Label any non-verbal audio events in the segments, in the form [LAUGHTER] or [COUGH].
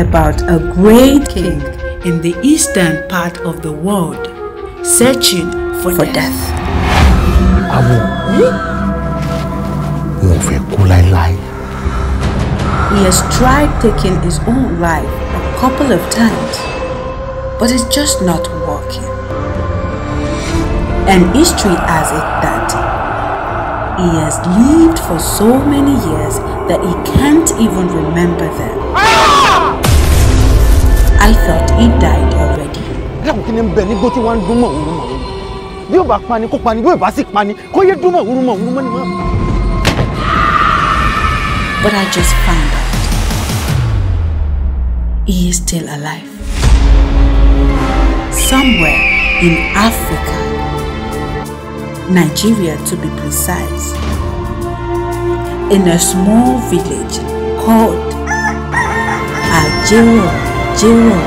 about a great king in the eastern part of the world searching for, for death. death. He has tried taking his own life a couple of times, but it's just not working. And history has it that he has lived for so many years that he can't even remember them. Ah! I thought he died already. Láwọn kí ni ń bẹ nígbó tí wọ́n ń dún mọ̀ òun mọ̀ money? Bí ó bá pani kó pani, bí ó bá sì pani kó yé dún mọ̀ òun But I just found out. He is still alive. Somewhere in Africa, Nigeria to be precise, in a small village called Ajero. jẹ́ ràn wọ́n.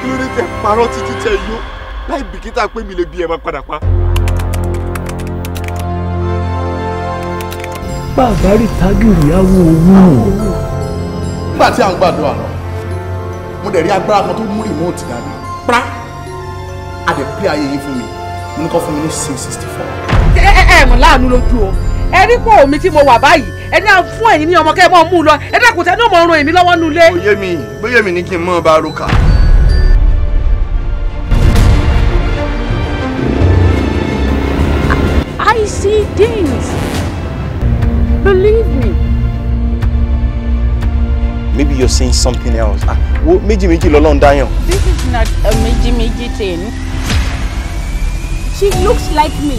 kí ló dé tẹ parọ́ títí tẹ yó láì bìkítà pé mi lè bí ẹ máa padà pa. bàbárí tágìrì awo owó. nígbà tí à ń gbàdúrà lọ mo dẹ̀ rí agbára kan tó mú rìmọ́ọ̀tì dání pra a dẹ̀ pé ayé yìí fún mi mo ní kọ́ fún mi ní six sixty four. ẹ ẹ ẹ mọ̀ láàánú lójú o ẹ rí pọ̀ omi tí mo wà báyìí ẹ ní fún ẹ̀yin ní ọmọ kẹ́ ẹ mọ̀ mú un lọ ẹ dákun tẹ́ ní ọmọ ọrùn èmi lọ́wọ́ nulẹ̀. bóyá mi bóyá mi ní kí n mọ̀ bá roka. I see things. Believe me. Maybe you're seeing something else. Ah, wo méjì méjì lọ́lọ́run dáyàn. This is not a méjì méjì thing. She looks like me.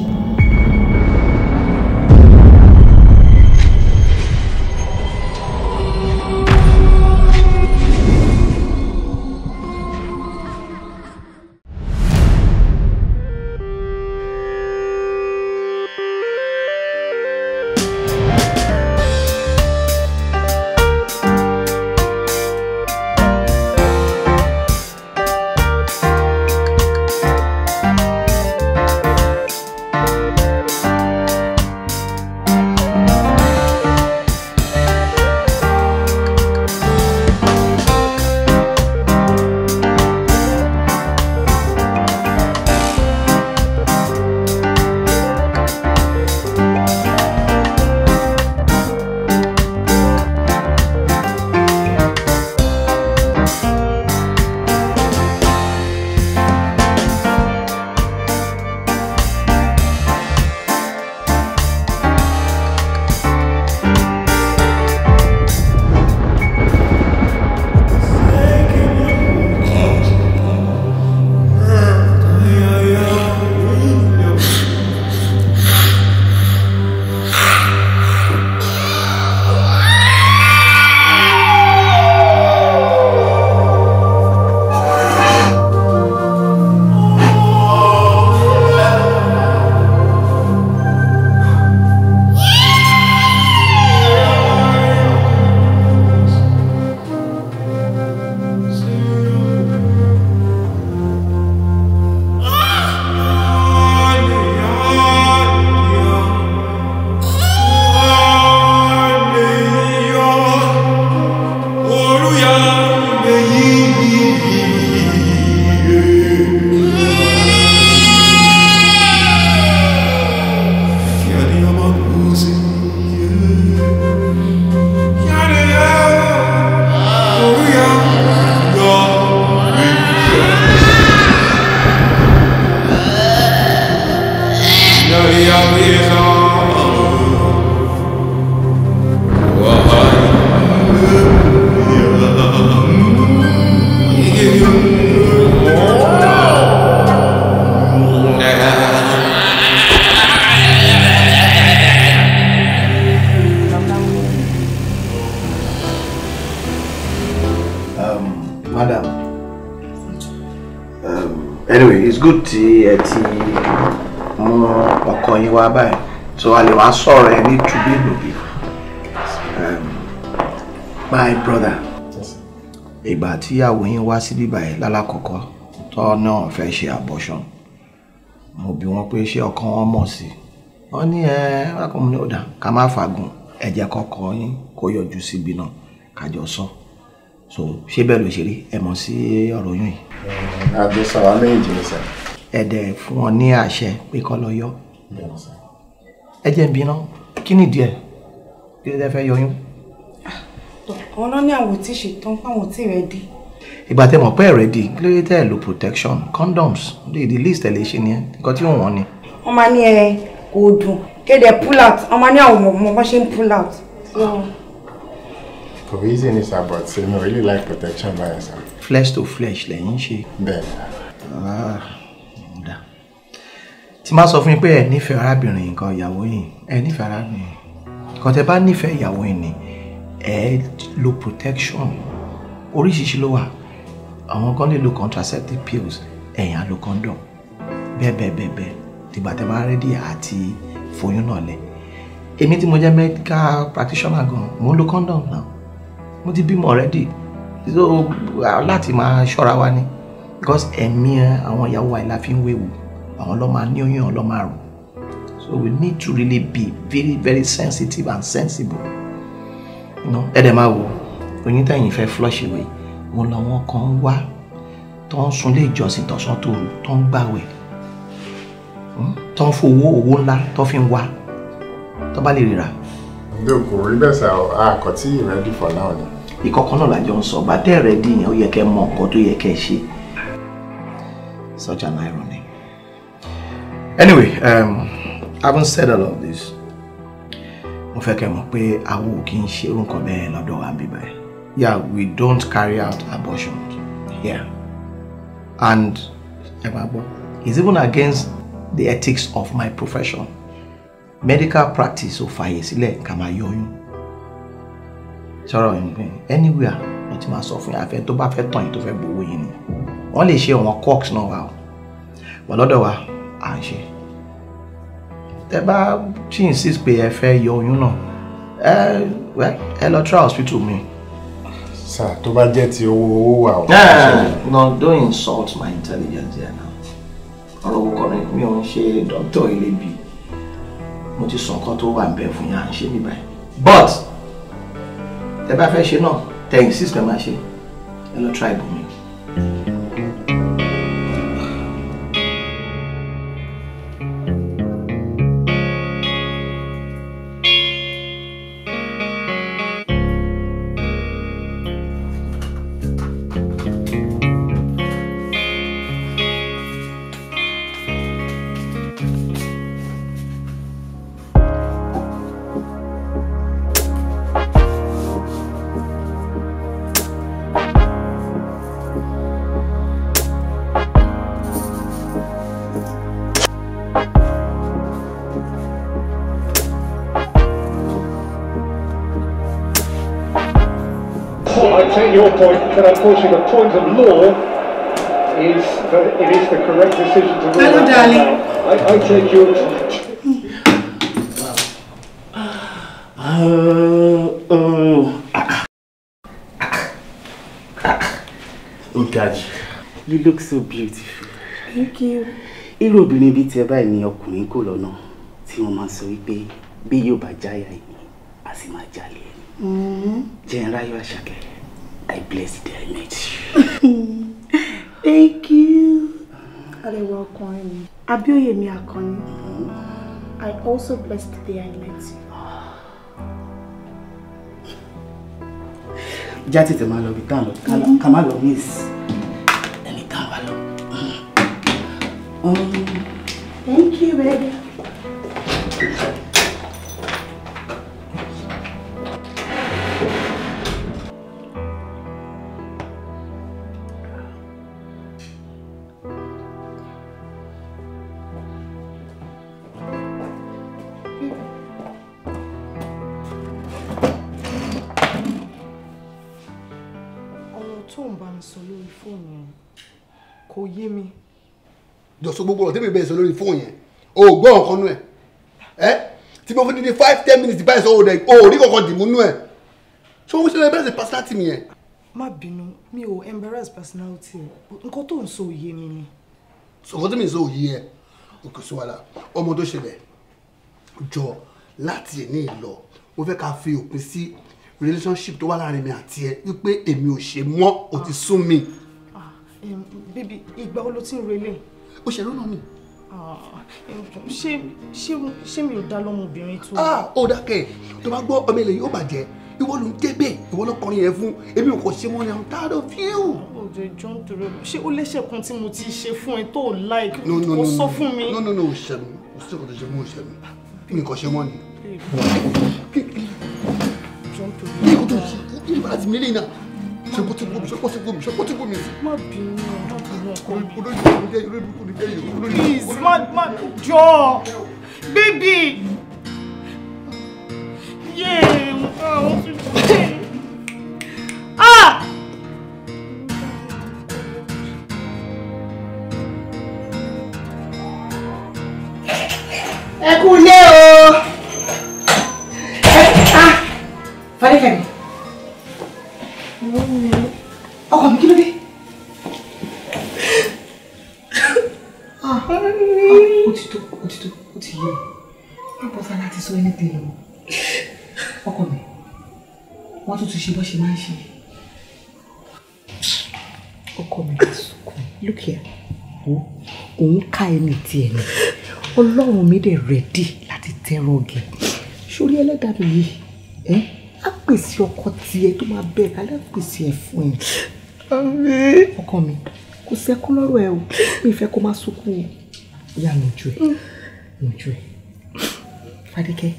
máa sọ̀rọ̀ ẹ ní tùbínùbí um, my brother ìgbà tíyàwó yín wá sí bíbá yìí lálákọ̀ọ́kọ́ tó náà fẹ́ ṣe abortion mo bi wọ́n pé ṣé ọkàn wọn mọ̀ sí wọ́n ní ẹ rákùnrin ní ọ̀dà ká má fàgùn ẹ̀jẹ̀ kọ̀ọ̀kan yín kó yọjú síbi náà kájọ sọ so ṣé bẹ́ẹ̀ ló ṣe rí ẹ mọ̀ sí ọ̀rọ̀ yín yìí. àgbẹ̀sọ̀ àwọn méjì ni sẹ́yìn ẹ̀dẹ̀ fún ọ ní àṣẹ pé kọ́ lọ yọ ẹ jẹ́ ń bínú kí nìdí ẹ̀ kí ló fẹ́ yọyún. Ah, àwọn náà ní àwọn tí ṣetán fáwọn tí rẹ dé. ìgbà tẹ́ mọ̀ pé ẹ ready kí ló lo protection condoms the list ẹ lè ṣe nìyẹn nǹkan tí ò wọ́n ni. wọ́n máa ní ẹ kò dùn kéde pull out wọ́n máa ní àwọn ọmọ bá ṣe ń pull out. kò easy ní sábọ̀t ṣe eh, mi ò really like protection by sá. flesh to flesh lẹ́yìn ṣe. bẹ́ẹ̀ ni tí máa sọ fún yín pé ẹ nífẹ̀ẹ́ arábìnrin nǹkan ìyàwó yìí ẹ nífẹ̀ẹ́ arábìnrin nǹkan tẹ bá nífẹ̀ẹ́ ìyàwó yìí ni ẹ lo protection oríṣiríṣi ló wà àwọn kan lè lo contraceptive pills ẹ̀yìn á lo condom bẹ́ẹ̀ bẹ́ẹ̀ bẹ́ẹ̀ bẹ́ẹ̀ tìgbà tẹ bá rẹ́dí àti foyún náà lẹ̀ èmi tí mo jẹ́ medical practitioner gan mo ń lo condom náà mo ti bímọ already so láti máa ṣọ́ra wa ni because ẹ̀mí àwọn ìyàwó wa ìlà fi ń wéwu àwọn ló máa ní oyún àwọn máa rò so we need to really be very very sensitive and sensible ẹ̀dẹ̀ máa wò oyún tẹ̀yìn fẹ́ flush away wọn làwọn kan wá tó ń sunlé ìjọsìn tọ̀sán tòru tó ń gbàwẹ̀ hmm, tó ń fowó owó ńlá tó fi ń wá tó bá lè rira. bí o kò rí bẹ́ẹ̀ sá àkọ́tí ready for now ni. ìkọ̀kọ̀ náà làjọ ń sọ bàtẹ́ ready yẹn ó yẹ kẹ́ mọ nǹkan tó yẹ kẹ́ ṣe such an irony anyway um, haven't said a lot of this mo fẹ́ kẹ́ mọ̀ pé awo kì í ṣe orúkọ bẹ́ẹ̀ lọ́dọ̀ wa níbí báyìí yeah we don't carry out abortions here yeah. and it's even against the ethics of my profession medical practice So, fààyè sílẹ̀ ká máa yọ oyún sọ̀rọ̀ ìpín anywhere wọ́n ti máa sọ fún yàrá fẹ́ tó bá fẹ́ tàn yìí tó fẹ́ gbowó yìí ni wọ́n lè ṣe àwọn cox náà wà o à ń ṣe tẹ bá ṣì insist pé ẹ fẹ́ yọ oyún náà ẹ wẹ ẹ lọ try hospital mi. sà tó bá jẹ́ ti owó owó wà ó. Eh, no don't insult my intelligence there now ọ̀rọ̀ owó kọrin mi ò ń ṣe dókítà ilébi mo ti sọ nǹkan tó wà ń bẹ fún yàn à ń ṣe mi báyìí but tẹ bá fẹ́ ṣe náà tẹ insist pé máa ṣe ẹ lọ try ibùmí. but unfortunately the point of law is that it is the correct decision to rule Hello, darling. I, I take your... Oh, oh. Nkaji, you look so beautiful. Thank you. It will be tiẹ̀ báyìí ni ọkùnrin kò lọ́nà tí wọ́n máa sọ wípé bí yóò bá jáyà ẹni, a sì máa jalè ẹni. Mm-hmm. Jẹ́ ń ráyọ̀ blessed day I met you. Thank you. Arẹwà ọkùnrin mi. mi Akànnì. I also blessed the day I met you. Já tètè máa lọ bí tá à ń lọ ká miss ẹni tá à ń Thank you baby. jọ sọ gbogbo ọ̀rọ̀ tẹ́mi bẹ́ẹ̀ sọ lórí fóònù yẹn o gbọ́ nǹkan nú ẹ̀ ẹ́ tí mo fi di five ten minutes báyìí sọ o rẹ̀ o ò rí kankan dìbò nú ẹ̀ ṣé o ń ṣe embarrass the personality mi yẹn. má bínú mi ò embarrass personality nǹkan tó ń sọ òye mi ni. sọ̀rọ̀ tẹ́mi sọ òye ẹ̀ òkè sí wàhálà ọmọ tó ṣẹlẹ̀ jọ láti ẹ̀ ní ìlọ mo fẹ́ ká fi òpin sí relationship tó wà láàrin mi àti ẹ wípé èmi ò ṣe mọ́ ò ti sún mi. Ah, bíbí ìgbà wo ló ti ń relé òṣèré náà mi. ṣé ṣé ṣé mi ò dá lọ́mọbìnrin tó. Ah, ó dákẹ́ tó bá gbọ́ ọmọ ilẹ̀ yìí ó bàjẹ́ ìwọ ló ń débẹ̀ ìwọ ló kọrin yẹn fún èmi ò kò ṣe mọ́ ni i'm tired of you. ọjọ́ ìjọ ṣé ó lẹ́sẹ̀ kan tí mo ti ṣe fún ẹ tó o like ó sọ fún mi. no no no o ṣe mi o kò tó ṣe mú o ṣe mi mi kò ṣe mọ́ ni. ní ìkótó ìbára ti mi lè nà ṣe kó ti gbó mi ṣe kó ti gbó mi ṣe kó ti gbó mi. má bínú ọ̀dọ́ please man, man, Joe, baby, yeah. ọlọ́run mi dẹ̀ rẹ́dí láti tẹ́rọ ọ̀gẹ̀ sórí ẹlẹ́dàá mi yìí ẹ́ á pèsè ọkọ tiẹ̀ tó máa bẹ̀ kálẹ̀ pèsè ẹ̀ fún ẹ̀. ọkọ mi kò sẹ́kún lọ́rọ̀ ẹ o mi fẹ́ kó má sunkún o ìyá mi ojú ẹ mm. mi ojú ẹ fadékẹ́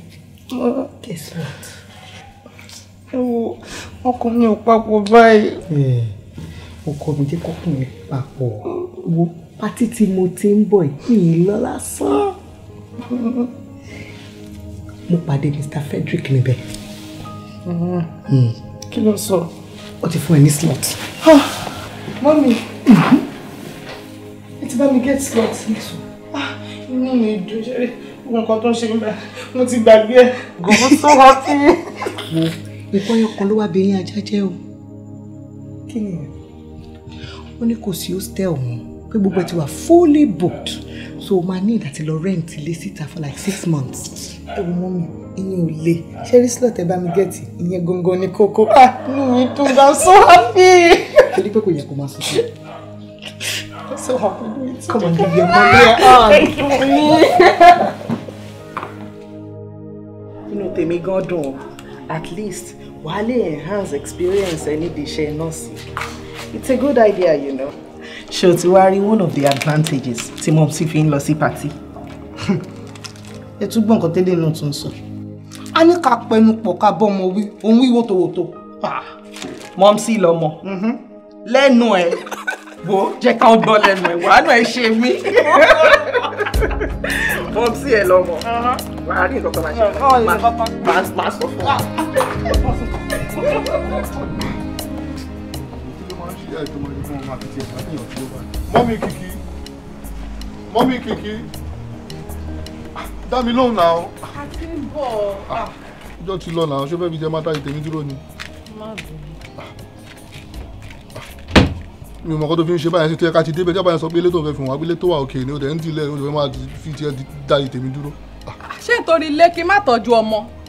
guess what. ẹ wo ọkọ mi ò papọ̀ báyìí. ọkọ mi jẹ́ kọ́kùnrin papọ̀ mm. wo pátí tí mo ti ń bọ̀ yìí lọ lásán mo pàdé Mr. Frederick níbẹ̀. Mm-hmm. kí ló sọ. ó ti fún ẹ ní slot. mọ́mí mm-hmm. ẹ ti bá mi get slot. inú mi dùn ṣeré nǹkan tó ń ṣe nígbà mo ti gbàgbé ẹ. gòmù tó wọ́n sí. wo ìkọ́ yẹn kan ló wá bẹ̀yìn ajá jẹ́ o. kí ni. ó ní kò sí hostel wọn pé gbogbo ẹ ti wà fully booked so o máa ní ìdàtí lọ rent ilé síta for like six months. ẹ wò mọ́ mi ìyẹn ò le ṣẹ́rí slot ẹ bá mi gẹ̀ẹ́tì ìyẹn gangan ni kókó ah, inú mi dùn I'm so happy. torí pé kò yẹ kó máa sọ fún mi. I'm so happy doing it. Come on, give your mommy a hug. you, mommy. Inú tèmi gan dùn. At least, wàá lè enhance experience ẹni di iṣẹ́ nọ́ọ̀sì. It's a good idea, you know ṣé o ti wá rí one of the advantages tí mom sì fi ń lọ sí pàtí. ẹ tún gbọ́ nǹkan tẹ́lẹ̀ náà tún sọ a ní ká pẹnu pọ̀ ká bọ́mọ wí òun wí wòtòwòtò. Ah, mom sì lọmọ mhm. lẹ́nu ẹ̀ wo jẹ́ ká ó gbọ́ lẹ́nu ẹ̀ wàá náà ẹ ṣe mí. mom sì ẹ lọmọ uh-huh. wàá rí nǹkan máa ṣe uh-huh, máa sọ fún ọ. Ah máa kiki. ti ẹ̀ka ní ìyànjú ló bá. mọ́mí kìkì mọ́mí kìkì dá mi lóhùn náà. a ti ń bọ̀. ọjọ́ ah, ti lọ náà ṣé fẹ́ fi jẹ́ mátà ìtẹ̀mí dúró ni. má bẹ̀rẹ̀ ah. ah. mi mọ̀ kó tó fi ń ṣe báyìí sí tó yẹ ká ti débẹ̀ jábàá yẹn sọ pé ilé tó ń fẹ́ fún wa gbélé tó wà òkè ni ó dẹ̀ ń dilẹ̀ ó dẹ̀ máa fi tiẹ̀ da ìtẹ̀mí dúró. ṣé nítorí ilé kí n má tọ́jú ọmọ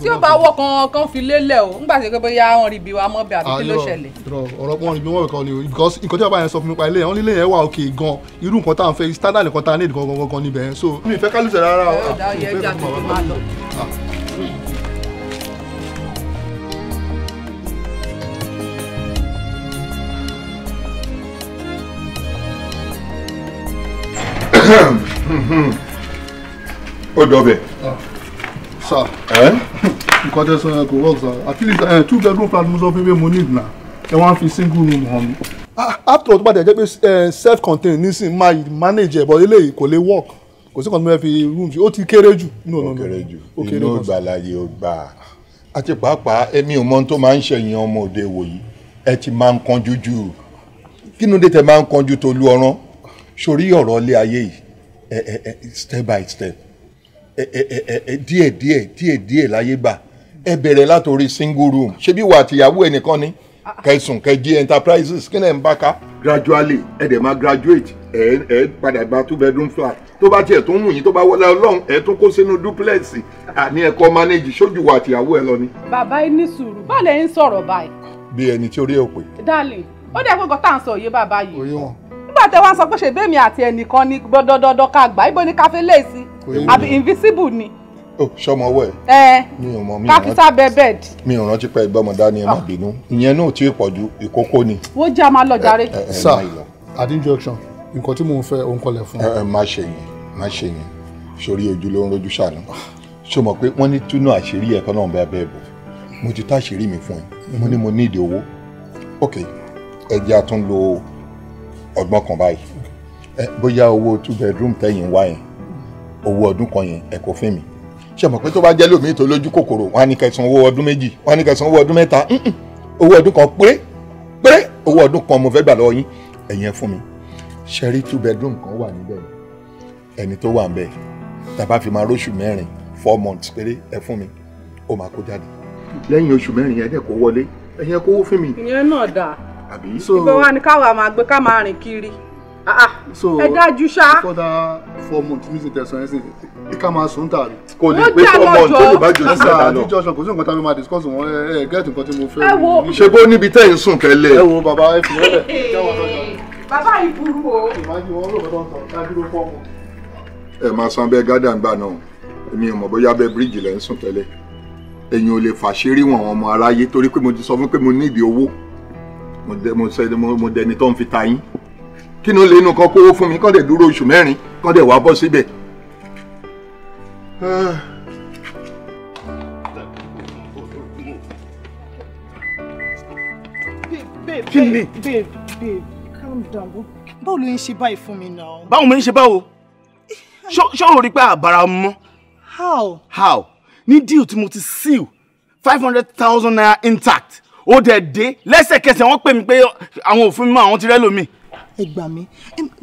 tí ó bá wọ kan fi lélẹ̀ o ńgbà tí bóyá wọn rí ibi wa mọ́ bẹ́ẹ̀ àbí kí ló ṣẹlẹ̀. ọ̀rọ̀ pọ́n ibi wọ́n kọ́ ni o because nǹkan tí bàbá yẹn sọ fún mi pa ilé yẹn wọ́n ní ilé yẹn wà òkè gan irú nǹkan tá à ń fẹ́ standard nǹkan tá à ń nídìí gangan gangan níbẹ̀ so mi ì fẹ́ kálùsẹ̀ rárá o. ó dọ̀bẹ̀ sir. ẹ. Eh? nǹkan tẹ sọ yẹn kò work sir at least ẹ eh, two bedroom flat mo sọ fún mi mo need na ẹ wá fi single room ah, after all tó bá tẹ̀ eh, self contained nísìn máa manage ẹ̀ but eléyìí kò lè work kò sí kan tó fẹ́ fi room ṣe ó ti No, no, no. kéré jù no. ìgbàláyé ó gbà á àti pàápàá èmi ò mọ ohun tó máa ń ṣẹ̀yìn ọmọ òde wòyí ẹ ti máa ń kanjú jù kí ló dé tẹ máa ń kanjú tó lu ọ̀ràn sórí ọ̀rọ̀ ilé ayé yìí step by step díẹ̀ díẹ̀ díẹ̀ díẹ̀ láyé gbà ẹ bẹ̀rẹ̀ látòrí single room ṣebí wà àtìyàwó ẹnìkan ni kẹsùn kẹjí enterprises kí náà ń bá ká. gradually ẹ dẹ̀ máa graduate ẹ ẹ padà gba two bedroom flat tó bá tiẹ̀ tó ń wùyín tó bá wọlé ọlọ́run ẹ tún kó sínú duplex àní ẹ̀kọ́ manage sójú wa àtìyàwó ẹ lọ ni. bàbá yín ní sùúrù báàlẹ̀ yín sọ̀rọ̀ báyìí. bí ẹni tí orí ẹ ò pé. darling ó dẹ́ gbogbo tá à ń sọ nígbà tẹ wá ń sọ pé ṣèbí èmi àti ẹnìkan ni dọdọdọdọ ká gbà ibo ni káfí léèsì e àbí invisible ni. o oh, sọmọ wẹ mi ò mọ mi ò rántí mi ò rántí pé ìgbọ́mọ dání ẹ má ah. bínú ìyẹn náà ti pọ̀ ju ìkókó ni. wo jẹ́ a máa lọ jàre. sir at injunction nǹkan tí mò ń fẹ́ òun kọlẹ̀ fún. ẹ má ṣe yẹn má ṣe yẹn sórí ojú ló ń rojú ṣàánú ṣó mọ̀ pé wọ́n ní túnú àṣírí ẹ̀kọ́ náà bẹ́ẹ̀ ẹ mo ní ok ẹ jẹ́ a tún ọgbọ́n kan báyìí bóyá owó two bedroom tẹ̀yìn wá yẹn owó ọdún kan yẹn ẹ kò fún mi ṣe mọ̀ pé tó bá jẹ́ lómi tó lójú kòkòrò wọn á ní kẹsàn owó ọdún méjì wọn á ní kẹsàn owó ọdún mẹ́ta owó ọdún kan péré péré owó ọdún kan mo fẹ́ gbà lọ́wọ́ yín ẹ̀yin ẹ fún mi ṣe rí two bedroom kan wà níbẹ̀ ẹni tó wà níbẹ̀ tàbá fi máa róṣù mẹ́rin four months péré ẹ fún mi ó máa kó jáde lẹ́yìn oṣù mẹ́rin yẹn dẹ̀ kó wọlé ẹ̀yin ẹ kówó fún mi. ìyẹn náà dáa àbí. so ìgbà wa ni káwa máa gbé ká máa rìn kiri ah, ah. so ẹ dájú ṣá. for that four months mi sì tẹ̀sán ẹ̀ ká máa sùn tàbí. kò ní pé four months ó lè bá jòjú sẹ́ta ah, lọ. àtijọ́ ṣan sí nǹkan tá máa discuss wọn ẹ ẹ gẹ́ẹ̀tì nǹkan tí mo fẹ́. ṣe bó níbi tẹ́ ń sùn tẹ́lẹ̀. ẹ wo bàbá ẹ fi wọ́lẹ̀ bàbá yìí burú o. ẹ máa san abẹ gádà ń gbà náà èmi ò mọ̀ bóyá abẹ bíríìjì lẹ́ ń sùn tẹ́lẹ̀ mo sọ mo dẹni tó ń fi ta yín kí ni ó lè inú kan kówó fún mi kọ́ dẹ̀ dúró oṣù mẹ́rin kọ́ dẹ̀ wá bọ́ síbẹ̀. kí ni. báwo ló ń ṣe báyìí fún mi náà. báwo ló ń ṣe báwo ṣọ́ọ̀rọ̀ rí pé àbára mọ́. how. how ní deal tí mo ti seal five hundred thousand naira intact ó dẹ̀ dé lẹ́sẹ̀kẹsẹ̀ wọ́n pè mí pé àwọn òfin mọ́ àwọn ti rẹ́ lómi. ẹ gbà mí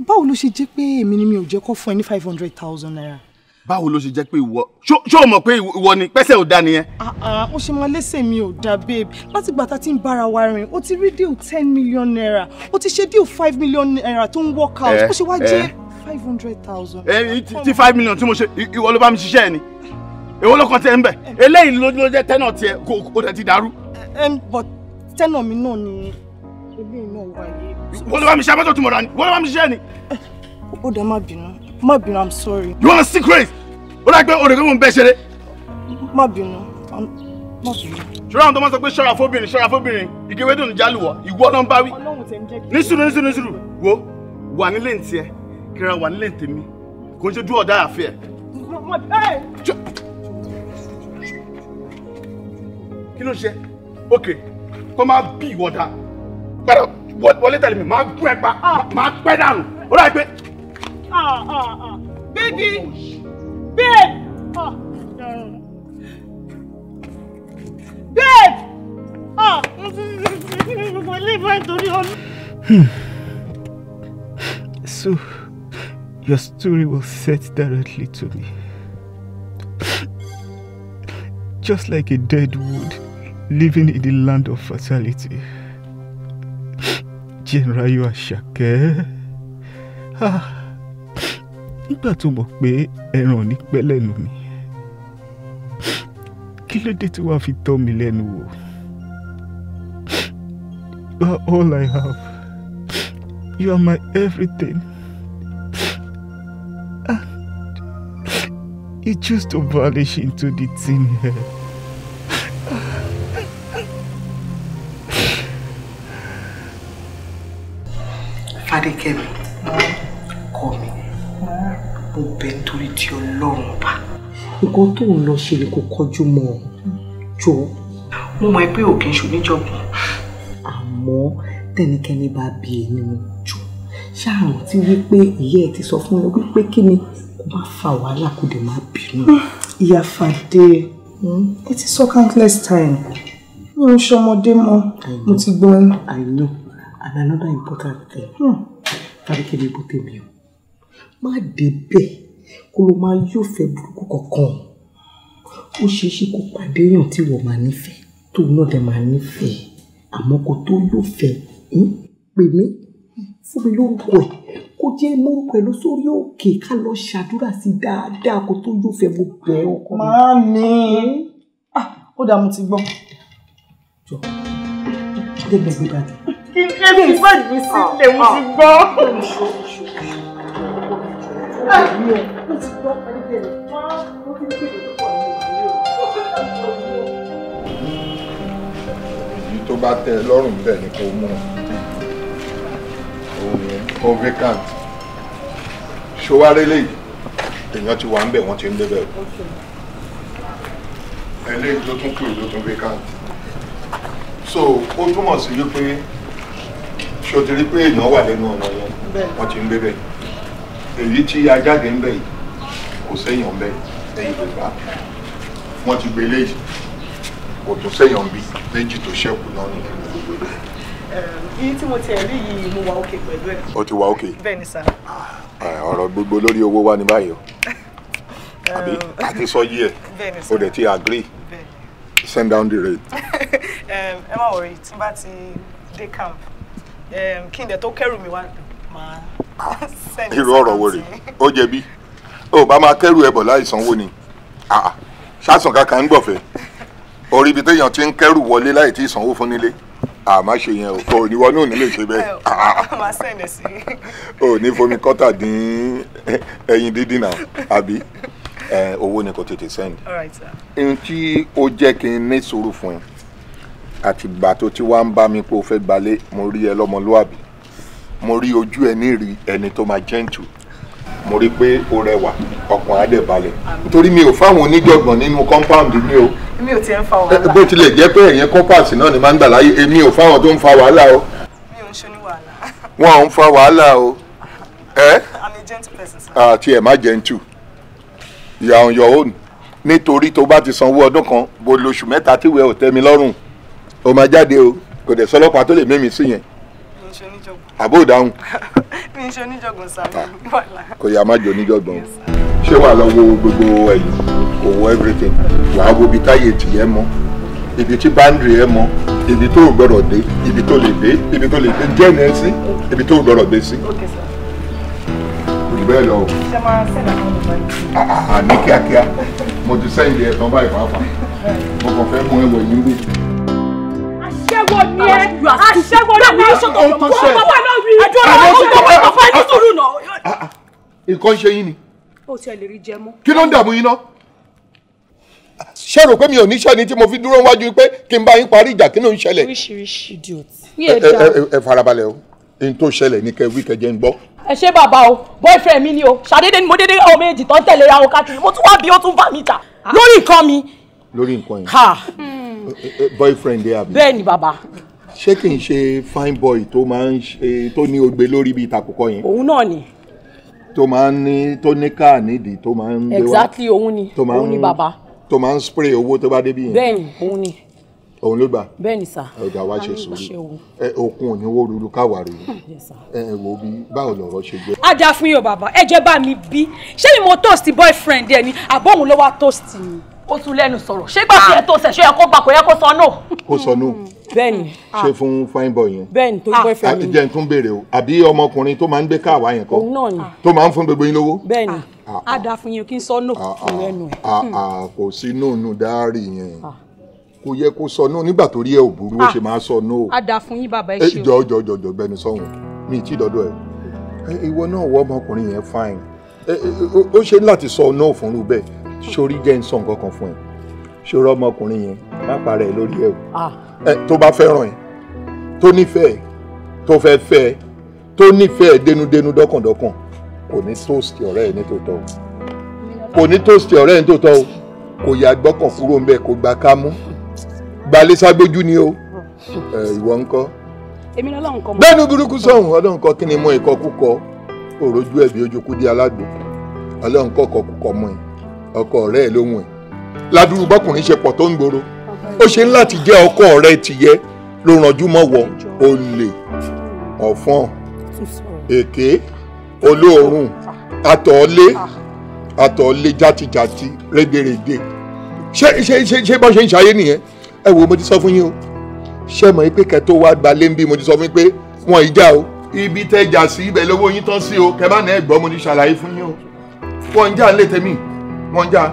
báwo ló ṣe jẹ́ pé èmi ni mi ò jẹ́ kó fún ẹ ní five hundred thousand naira. báwo ló ṣe jẹ́ pé ìwọ ṣó o mọ̀ pé ìwọ ni pẹ́sẹ̀ ò da nìyẹn. ó ah, ah, ṣe máa lẹ́sẹ̀ mi ò da babe láti gbà tá a ti ń bára wa rìn ó ti rí deal ten million naira ó ti ṣe deal five million naira tó ń work out eh, ó ṣe wá eh. jẹ́ five hundred thousand. ẹ eh, ti five million tí mo ṣe ìwọ ló bá mi ṣiṣẹ́ ẹ ni èwo ló kàn tẹ́ ń bẹ̀ eléyìí ló jẹ́ tẹ́nà tiẹ̀ kò tẹ̀ ti dàrú but tẹ́nà mi náà ni ilé náà wáyé. wọ́n lè wá mi ṣe abẹ́tọ̀ tí mo rà ni wọ́n lè wá mi ṣe ni. ó dẹ̀ má bínú má bínú i'm sorry. you wanna see craze ó dà pé òrèké mò ń bẹ́ ṣeré. má bínú má bínú. ṣọ́ra àwọn tó máa sọ pé ṣọ́ra fóbìnrin ṣọ́ra fóbìnrin igi wẹ́dùn ní jálùwọ̀ ìwọ náà ń bá wí. nísùrù nísùrù nísùrù wo wà nílé ní tiẹ̀ kíra wà nílé ní kò ń ṣe dúró ọ̀dà àfẹ́ kí ló ṣe ok kó máa bí ìwọ dá padà wọlé tẹ̀lé mi máa gún ẹ pa máa pẹ́ dànù ó dà pé. bébí babe babe mo lè bá nítorí ọlọ́. So, your story was set directly to me. Just like a dead wood living in the land of fertility. Jẹ́nrayọ̀ Àṣàkẹ́. Nígbà tó mọ̀ pé ẹran ní pẹ́lẹ́nu mi, kí ló dé tí wàá fi tọ́ mi lẹ́nu wò? You are all I have. You are my everything. And you choose to vanish into the thin air. Adékẹ́mi kọ́ mi mo bẹ̀ torí ti ọlọ́run ọba. nǹkan tó ń lọ ṣe lè kó kọjú mọ́ ọ jọ. mo mọ pé òkè ń ṣoníjọ̀gbọ̀n. àmọ́ tẹnikẹ́ni bá bí ẹni mo jù ṣáàrùn tí wípé ìyá ẹ ti sọ fún ẹ wípé kí ni kó má fa wàhálà kó lè má bínú. ìyá Fàdé hmm? ẹ ti sọ countless times mi ò ṣọmọdé mọ́ mo ti gbọ́n. I know and another important thing fàdíkẹ́ hmm. mi bó tèmi o má débẹ̀ kó ló máa yóò fẹ́ burúkú kankan ó ṣeé ṣe kó pàdé èèyàn tí wọ́n máa nífẹ̀ẹ́ tó náà dẹ̀ máa nífẹ̀ẹ́ àmọ́ kó tó yóò fẹ́ hmm, pè mí fún mi lórúkọ ẹ̀ kó jẹ́ mórúkọ ẹ̀ lọ sórí òkè ká lọ ṣàdúrà sí dáadáa kó tó yóò fẹ́ mo bẹ̀ ọkọ mi. máa hmm. ah, ní ó dààmú ti gbọ́. jọ débẹ̀ bàjẹ́ kí ẹ fi má jù sílẹ̀ mo ti gbọ́. èyí tó bá tẹ ẹ lọ́rùn bẹ́ẹ̀ ni kò mú un kò vacant ṣọwárẹ́ lẹ́yìn èèyàn ti wà ń bẹ̀ wọ́n ti ń débẹ̀ o eléyìí tó tún kù ló tún vacant so ó túmọ̀ sí wípé ṣé o ti rí pé èèyàn wà lẹ́nu ọ̀nà yẹn wọ́n ti ń bẹ́ bẹ́ẹ̀ èyí tí ajáde ń bẹ̀ yìí kò séèyàn bẹ́ẹ̀ ẹ̀yìn Yorùbá wọ́n ti gbé léyìí kò tún séèyàn bí méjì tó ṣẹ́kù náà nìyẹn gbogbo tí mo ti rí yìí mo wà òkè pẹ̀lú ẹ̀. o ti wà òkè. bẹ́ẹ̀ ni sá. Ah, ọ̀rọ̀ gbogbo lórí owó wa ni báyìí o àbí àti sọ yí ẹ̀ o de ti agree send down the rate. [LAUGHS] ẹ má wọrí tí n bá ti dé camp kí n dẹ̀ tó kẹ́rù mi wá máa sẹ́ni. irú ọ̀rọ̀ wo rè ó jẹ̀bi ó bá máa kẹ́rù ẹ bọ̀ láì sanwó ni ah, ah. ṣáàsùn kankan ń gbọ̀fẹ́ orí ibi téèyàn ti ń kẹ́rù wọlé láì tí ì sanwó fún nílé àmọ́ ah, ṣe yẹn o ìwọ náà nílé ṣe bẹ́ẹ̀. [LAUGHS] máa sẹ́ni sí i. o ní fomi kọ́tà dín ẹyin dídín náà àbí eh, owó ni kò tètè sẹ́ni. ohun tí ó jẹ́ kí n ní sùúrù fún ẹ àtìgbà tó ti wá ń bá mi pé o fẹ́ gbalé mo rí ẹ lọ́mọlúàbí mo rí ojú ẹ ní rí ẹni tó máa gentle mo rí pé o rẹwà ọkàn á dẹ̀ balẹ̀ nítorí mi ò fáwọn oníjọ̀gbọ̀n nínú compound mi o mi ò tiẹ̀ ń fa wàhálà bó tilẹ̀ jẹ́ pé ẹ̀yẹn compass náà ni máa ń gbà láyé èmi ò fáwọn tó ń fa wàhálà o mi ò ń ṣe ní wàhálà wọn ò ń fa wàhálà o ẹ I'm gentle person àti ẹ̀ má gentle you are on your own nítorí tó bá ti sanwó ọdún kan bó lóṣù mẹ́ta tíwẹ̀ ò tẹ́ mi lọ́rùn o máa jáde o kò dẹ̀ sọlọ́pàá tó lè mẹ́mi sí yẹn àbó ìdáhùn. [LAUGHS] mi ń ṣe oníjọ̀gbọ̀n sáré ah. wàhálà. kò yà má jẹ oníjọ̀gbọ̀n o ṣé wàá lọ wo gbogbo ẹ̀yìn kò wo everything wàá wo ibi táyé tìyẹ́ mọ́ ibi tí báńdìrì ẹ mọ ibi tó o gbọ́dọ̀ dé ibi tó lè dé ibi tó lè dé díẹ̀ ní ẹ sí ibi tó o gbọ́dọ̀ dé sí. ìbẹ́ẹ̀ lọ. ṣé máa sẹ́nà kan lọ báyìí. Ah, ah, ní kíákíá mo ti sẹ́yìn ẹ̀ tán báyìí pàápàá mo kàn fẹ́ mú ẹwọ̀ yín wí aṣẹ́wó ni ẹ aṣẹ́wó ni ẹ ṣọ́tọ̀ ọ̀pọ̀ bàbá náà rí i ẹjọ́ náà ó tọ́ bàbá fún ẹjọ́ sùúrù náà. Ah, ah. nǹkan ṣe yín ni. o tiẹ̀ lè rí jẹ mọ́. kí ló ń dààmú yín náà. ṣé rò pé mi ò níṣẹ́ ni tí mo fi dúró wájú pé kí n bá yín parí ìjà kí ló ń ṣẹlẹ̀. oríṣiríṣi idiot. ẹ farabalẹ̀ o n tó ṣẹlẹ̀ ní kẹ wí kẹjẹ ń gbọ́. ẹ ṣe bàbá o boyfriend mi ni o ṣàdédé ni mo dédé ọmọ méjì tán tẹ̀lé ra wọn káàkiri mo tún wá bí ó tún bá mi jà ah. lórí nǹkan mi. lórí nǹkan yẹn boyfriend ẹ àbí. bẹ́ẹ̀ ni bàbá. ṣé kì í ṣe fine boy tó máa ń ṣe tó ní ogbe lórí bíi ìtàkùkọ yẹn. òun náà ni. tó máa ń ní tó ní káà nídìí tó máa ń gbé wá. exactly òun ni òun ni bàbá. tó máa ń spray owó tó bá débi yẹn. bẹ́ẹ̀ni òun ni. òun ló gbà. bẹ́ẹ̀ni sà. ọjà wa ṣe sùúrù ẹ okun ò ní wó ruru káwa ruru. Hmm, ẹ wo bí báwo lọ̀rọ̀ ṣe gbé. ajá fún yín bàbá ẹ jẹ́ bá mi bí ṣé mi mo toast boyfriend ẹ ni àbọ̀ òun ló wá toast mi ó tún lẹ́nu sọ̀rọ̀ ṣé gbà tí ẹ tó sẹ̀ṣọ́ yẹ kó gbà kó yẹ kó sọ nù. ó sọ nù. bẹ́ẹ̀ni. ṣé fún fine boy yẹn. bẹ́ẹ̀ni tó gbọ́ ìfẹ́ mi. jẹ́ n tún béèrè o àbí ọmọkùnrin tó máa ń gbé káàwá yẹn kọ́. òun náà ni. Ah. tó máa ń fún gbogbo yín lówó. bẹ́ẹ̀ni ah. Ah. a dà fún yín kí n sọ nù lẹ́nu ẹ̀. kò sí nùnù dáárì yẹn kò yẹ kó sọ nù nígbà tó rí ẹ ò burú ó ṣe máa sọ nù. a dà fún yín bàbá ẹ eh, ṣe o. jọ jọ jọ jọ bẹ́ẹ̀ni sọhùn mi ì tí dọdọ ẹ eh, ìwọ náà wọ ọmọkùnrin fine eh, ó ṣe láti sọ nù fún rú bẹ́ẹ̀ sórí jẹ́ ń sọ nǹkan kan fún ẹ ṣòro ọmọkùnrin yẹn má para ẹ lórí ẹ o ah. ẹ tó bá fẹ́ràn ẹ tó nífẹ̀ẹ́ tó fẹ́ fẹ́ ẹ tó nífẹ̀ẹ́ dénúdénú dọ́kàndọ́kàn kò ní tóòsì ọ̀rẹ́ ẹ nítòótọ́ o kò ní tóòsì ọ̀rẹ́ ẹ nítòótọ́ o kò yà gbọ́kàn kúrò ń bẹ̀ kò gbà ká mú gbalisagbójú ni o ìwọ ńkọ́ bẹ́ẹ̀ni burúkú sọ̀hún ọlọ́run kọ́ kí ni mọ ìkọkúkọ òrojú ẹ̀bí ojúkú di aládùn ọlọ́run kọ́ kọkúkọ mọ́ ẹ ọkọ rẹ lóhùn ẹ ládùúgbò bọkùnrin ṣe pọ̀ tó ń gbòòrò ó ṣe ń láti jẹ́ ọkọ rẹ tìyẹ ló ranjú mọ́ wọ olè ọ̀fọ́n èké olóòórùn àtọ̀ọ́lé àtọ̀ọ́lé játijàti rédèrèdè ṣé ṣé ṣé ṣé bọ́ ṣe ń ṣayé nìyẹn ẹ wo mo ti sọ fún yín o ṣé mọ̀ pé kẹtó wá gbalé ń bí mo ti sọ fún yín pé wọn ìjà o ibi tẹ́ jà sí ibẹ̀ lówó yín tán sí o kẹ bá náà gbọ́ mo ti ṣàlàyé fún yín o wọn ń jà ń lè tẹ̀mí mọ́njá.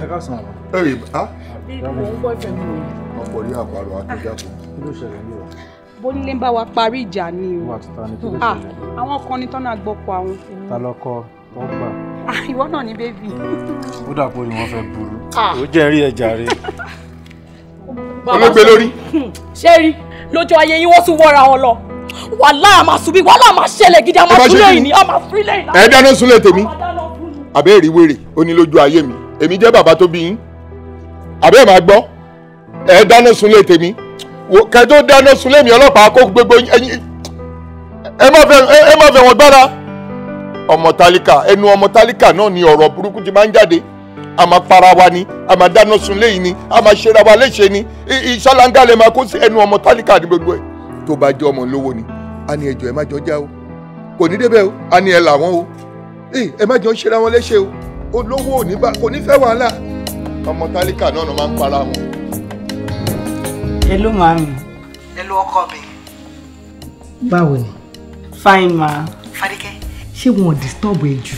ẹ ká sàn án. ẹ rè á. Ah. mo ń bọ́ ìfẹ́ mi o. ọkọ̀ rí àpárọ̀ àtọ́jà ah. kù. kí ló ṣẹlẹ̀ ní ìwà. Bónílé ń bá wa parí ìjà ni o. Ah, àwọn kan ní tọ́nà àgbọ̀pọ̀ àwọn. ta lọkọ tó gbà. ìwọ náà ni bébì. ó dà pé wọ́n fẹ́ burú. ó jẹ́ rí ẹja rẹ. olóògbé lórí. Hmm, ṣé rí lójú ayé yín wọ́n tún wọ́ra wọn lọ wàhálà àmàsùnbí wàhálà àmàṣẹlẹ̀ gidi àmàsùnlẹ̀ yìí ni àmàsùnlẹ̀ ẹ dáná sunlẹ̀ tèmi àbẹ́ẹ̀rí wèrè onílójú ayé mi èmi jẹ́ bàbá tó bí yín àbẹ́ẹ̀ máa gbọ́ ẹ dáná sunlé tèmi kẹjọ dáná sunlé mi ọlọ́pàá kó gbogbo ẹyin ẹ má fẹ́ ẹ má fẹ́ wọn gbára ọmọ tálíkà ẹnu ọmọ tálíkà náà ni ọ̀rọ̀ burúkú ti máa ń jáde a máa para wa ni a máa dáná sunlé yìí ni a máa ṣera wa léṣe ni ìṣàlángá lè máa kó sí ẹnu ọmọ tálíkà ní gbogbo ẹ tó bá jẹ́ ọmọ lówó ni a ní ẹjọ́ ẹ má jọ já o kò ní débẹ̀ o a ní ẹ làwọn o ẹ má jọ ń ṣera wọn léṣe o olówó ò ní bá kò ní fẹ́ wàhálà ọmọ tálíkà náà ló máa ń para wọn. hello màmí. hello ọkọ mi. báwo ni. fine ma. fadike. ṣé wọn ò disturb ẹ jù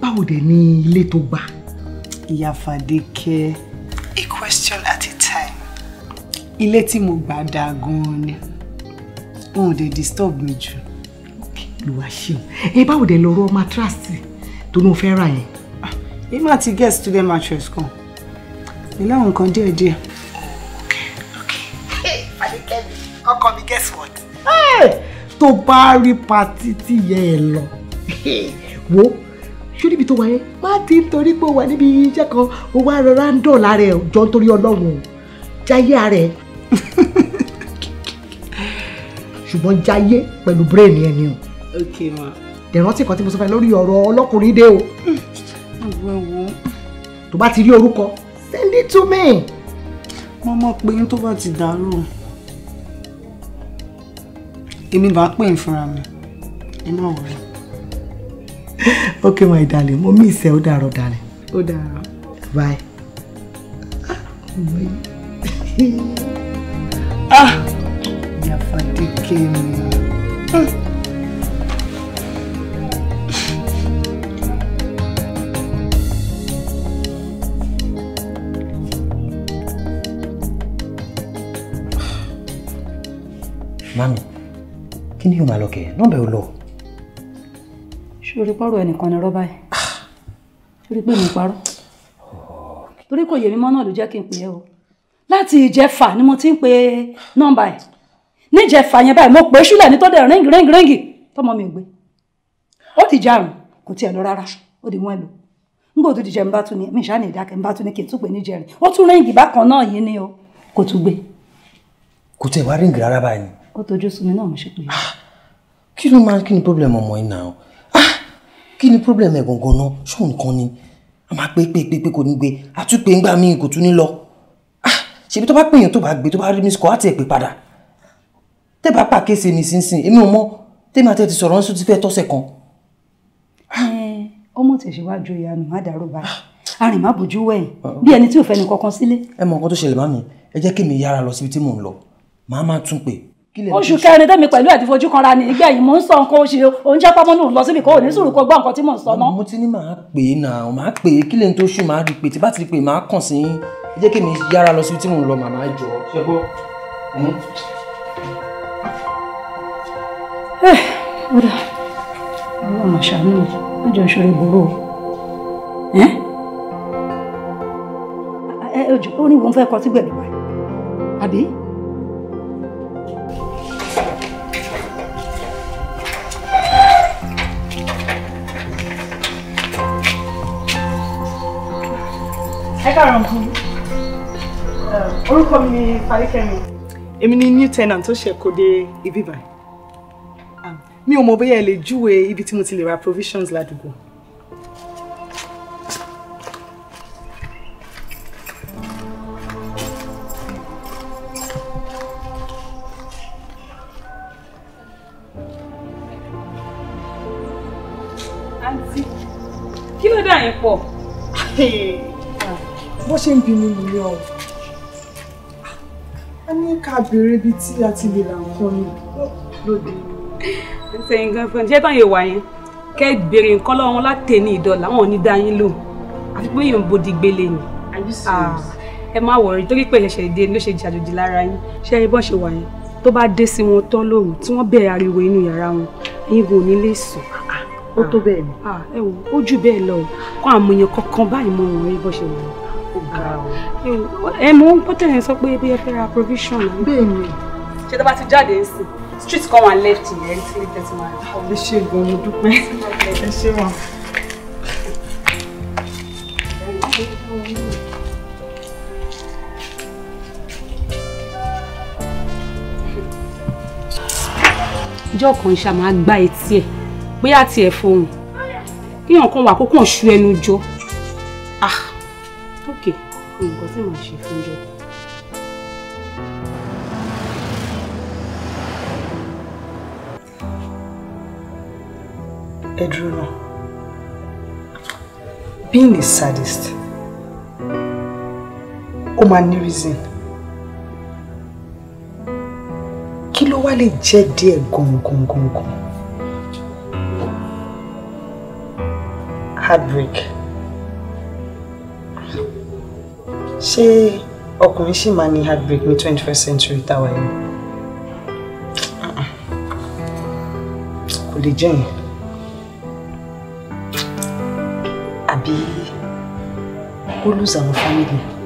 báwo dẹ̀ ni ilé tó gbà. ìyá fadike. a question at a time. ilé tí mo gbà dáa gan-an ni wọn ò dẹ̀ disturb mi jù. olùwàṣẹ́ ẹ báwo dẹ̀ lọ rọ mattress tó ló ń fẹ́ rà yẹn. Ah, èyí máa ti get student mattress kan ilé àwọn nǹkan díẹ̀ díẹ̀. ọkọ mi guess what. tó bá rí patí tí yẹ ẹ lọ wo ṣó níbi tó wáyé má ti ń torí pé ó wà níbi iṣẹ́ kan ó wá rọra ń dọ̀ lára ẹ̀ jọ nítorí ọlọ́run jáyé ara ẹ̀ [LAUGHS] ṣùgbọ́n jáyé pẹ̀lú bírèèni ẹni o. ok ma dẹ̀rántí kan tí mo sọ fún ẹ lórí ọ̀rọ̀ ọlọ́kùnrin dé o. ìwé wo. tó bá ti rí orúkọ send it to me. mo mọ̀ pé tó bá ti dàrú èmi bá pè ń fúnra mi ẹ má wọlé. ok my darling mo miss ẹ ó dàárọ̀ darling. ó dàárọ̀. bye. ah, ah! ìyá fàdékè mi. Mm. mami kí ni yóò máa lọ kẹ nọ́ọ̀bẹ ò lọ. ṣòro pọ́rọ̀ ẹnìkan ni rọ́bà yìí torí pé mi parọ́ torí kò yẹ mi mọ́ náà ló jẹ́ kí n pè é o láti ìjẹfà ni mo ti ń pe nọ́ọ̀bà yìí níjẹfà yẹn báyìí mo pè é ṣúlẹ̀ ní tó dẹ̀ rẹ́ǹgì tọmọ mi ò gbé ó ti jarun kò tiẹ̀ lọ rárá ó di wọ́n lò nígbà tó ti jẹun bá tún ní mi ṣáà ní ìdákẹ́ ń bá tún ní kí n tún pè ní jẹrin ó tún rẹ́ǹgì bákan náà yìí ni o kò tún gbé. kò tẹ̀ wá rẹ́ǹgì rárá báyìí ó tójú sú mi náà mo ṣe pé. Ah, kí ló máa kí ni problem ọmọ yìí náà ah, kí ni problem ẹ̀ gangan náà ṣó nǹkan ni a máa pé pé pé pé kò ní gbé àtúpè ńgbà míì kò tún ní lọ ah, ṣèbí tó bá pèèyàn tó bá gbé tó bá rí miss call àti ẹ̀pẹ́ padà tẹ́ bá pàkíyèsí mi sínsìn èmi ò mọ tèmi àti ẹ̀ ti sọ̀rọ̀ ń sùn ti fẹ́ tọ́sẹ̀ kan. ọmọ tẹ̀síwájú ìyanu má dàrú a arìn má bójú wẹ̀yìn bí ẹni tí ò fẹ́ ni kankan sílé. ẹ mọ nǹkan tó ṣẹlẹ̀ mami ẹ jẹ́ kí mi yára lọ síbi tí mò ń lọ màá máa tún pè oṣù kẹrin tẹ́mi pẹ̀lú ẹ̀dí fojú kanra ní ìgbẹ̀yìn mò ń sọ nǹkan oṣù oúnjẹ pamọ́ nù lọ síbi kò ní sùúrù kó gbọ́ nǹkan tí mò ń sọ náà. mo ti ní màá pè é náà màá pè é kí lè ń tó ṣù màá rí i pé tí bá ti rí i pé màá kàn sí yín ẹ jẹ́ kí mi yára lọ síbi tí mò ń lọ màmá jọ. ṣe eh, ọ̀dà àwọn ṣàánú mi jọ ìṣòro ìgboro ẹ ẹ orin wo ń fẹ́ kọ sí gbẹ̀gbẹ̀ àbí. ẹ káàárọ̀ nǹkan orúkọ mi ni Fálékẹ́mi. èmi ni new tenant tó ṣe kó dé ibí báyìí ah, mi ò mọ bóyá ẹ lè júwe ibi tí mo ti lè ra provisions ládùúgbò. àǹtí kí ló dà yín pọ̀. [LAUGHS] wọ́n ṣe ń bí mi nìyẹn o a ní ká béèrè ibi tí a ti lè ra nǹkan ni lóde. ṣẹ̀yìn gan fún ẹ jẹ́ báyìí wà yẹn kẹ́ béèrè nǹkan lọ́wọ́ láti ní ìdọ̀là wọn ò ní dá yín lò àti pé èèyàn bòdì gbélé ni ah, ẹ má wọrí torí pé ìṣẹ̀ṣẹ̀ dé ló ṣe jàdòjì lára yín ṣé ẹ bọ́ ṣe wà yẹn tó bá dé sí wọn tán lóru tí wọ́n bẹ̀rẹ̀ ariwo inú yàrá wọn ẹ̀yin kò ní lè sùn ó tó bẹ́ẹ̀ ni. Ah, ẹ wò ó jù bẹ́ẹ̀ lọ kó àmúyẹ kankan báyìí mọ òun ẹ bọ́ ṣe wà yẹn. Ah. ẹ mọ ohun pọ́tẹ́ yẹn sọ pé bí ẹ fẹ́ ra provision náà. bẹ́ẹ̀ ni ṣé tó bá ti jáde ń sìn street come and left yẹn rí three thirty one. ẹ ṣe gan mo dúpẹ́ ẹ ṣe wọn. ìjọ kan ṣá máa gba etí ẹ bóyá tiẹ̀ fohùn kí nǹkan wà kókó ṣu ẹnu jọ. ah nǹkan tí màá ṣe fún jẹ. ẹ dúró náà being a sadist ó máa ní reason kí ló wá lè jẹ́ díẹ̀ gangan gangan heartbreak. ṣé ọkùnrin ṣì máa ní heartbreak ní twenty first century táwa yìí kò lè jẹ́ yẹn àbí ó lose our family.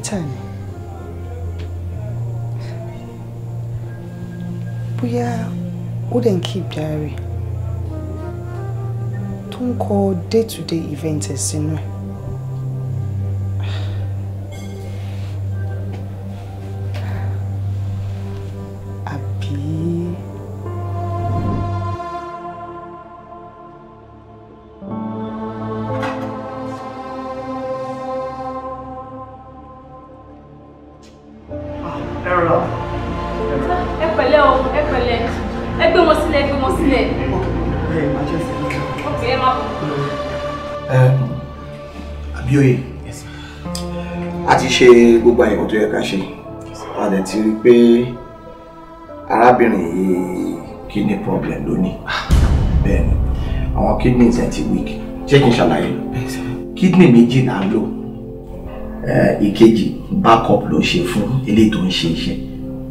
later ni bóyá ó keep diary Don't call day to day event ẹ̀ sínú ṣe gbogbo àyẹ̀wò tó yẹ ká ṣe a dẹ̀ ti rí i pé arábìnrin yìí kidney problem ló ní bẹ́ẹ̀ ni àwọn kidneys ẹ̀ ti weak ṣé kí n ṣàlàyé kidney méjì là ń lò ìkejì backup ló ṣe fún eléyìí tó ń ṣe iṣẹ́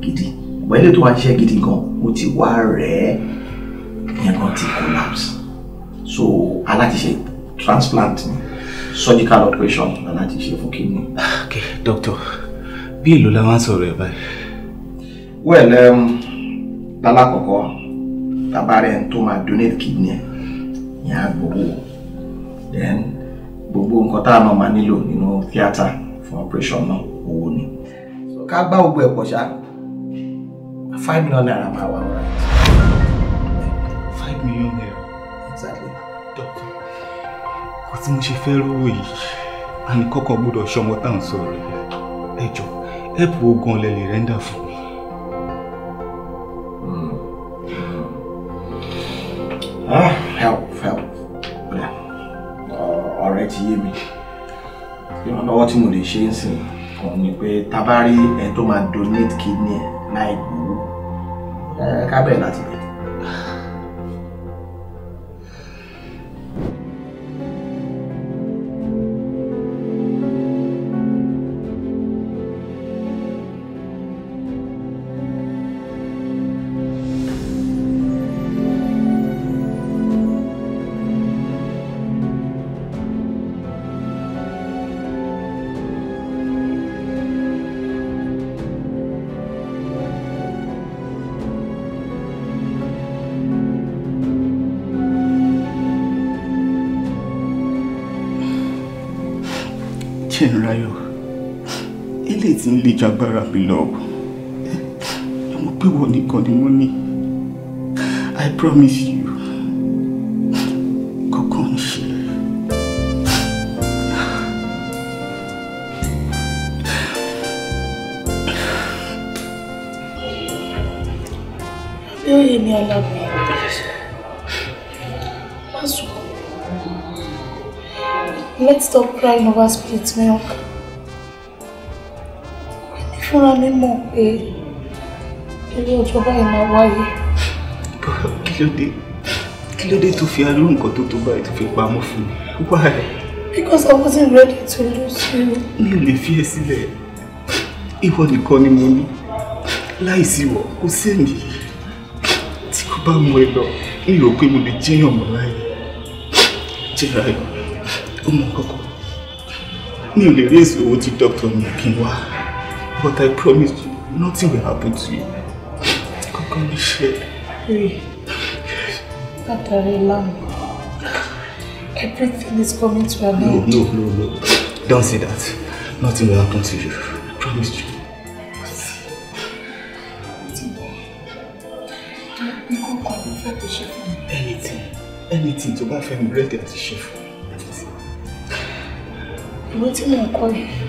gidi ìwọ eléyìí tó wá ṣiṣẹ́ gidi gan ó ti wá rẹ̀ ẹ́ yẹn gan ti collapse so aláti ṣe transplant surgical operation aláti ṣe fún kidney. Okay, doctor. Bí èlò la máa sọ̀rọ̀ ẹ̀ báyìí? Well, um, lálákọ̀ọ́kọ́, bàbá rẹ̀ tó máa donate kidney ẹ̀ ní Then, gbogbo nǹkan tá a máa máa nílò nínú tíátà fún operation náà owó ni. Ká gbá gbogbo ẹ̀ pọ̀ ṣá, five million naira máa wà wá. Five million naira? Exactly. Doctor, kò tí mo ṣe fẹ́ rówó yìí àmì kọ́kọ́ gbọ́dọ̀ ṣọmọ tá à ń sọ̀rọ̀ rẹ̀ ẹ jọ ẹ̀pù ogun ọ̀lẹ́ lè rẹ́ńdà fún mi. Hmm. Ah, help help ọ̀rẹ́ ti yé mi ìrànlọ́wọ́ tí mo lè ṣe ń sìn kan ni pé tá a bá rí ẹni tó máa donate kidney ẹ̀ láì gbowó kábẹ̀ láti ń lè jágbára mi lọ mo pé wọ́n nìkan ni mo ní I promise you kọ́kọ́ ń ṣe. yóò yé mi alábọ̀ má let's stop crying over split milk fúnra mi mọ̀ pé ilé ọjọ́ báyìí máa wáyé. kí ló dé kí ló dé tó fi arú nǹkan tó tó báyìí tó fi pamọ́ fún mi why. because I wasn't ready to lose you. mi ò lè fi ẹ́ sílẹ̀ ìwọ nìkan ni mo ní láìsí ìwọ kò sẹ́mi tí kò bá mú ẹ lọ mi ò pé mo lè jẹ́yàn mọ́ láyé jẹ́ra ẹ̀ ó mọ kọ́kọ́ mi ò lè rí èsì owó tí dókítà mi kì í wá. But I promise you, nothing will happen to you. God can be shared. Oui. Tatarilam. Everything is coming to an end. No, no, no, no. Don't say that. Nothing will happen to you. I promise you. Anything, anything tó bá fẹ́ the rẹ́dí àti ṣe fún. Ìwé tí mo kọ́ yìí.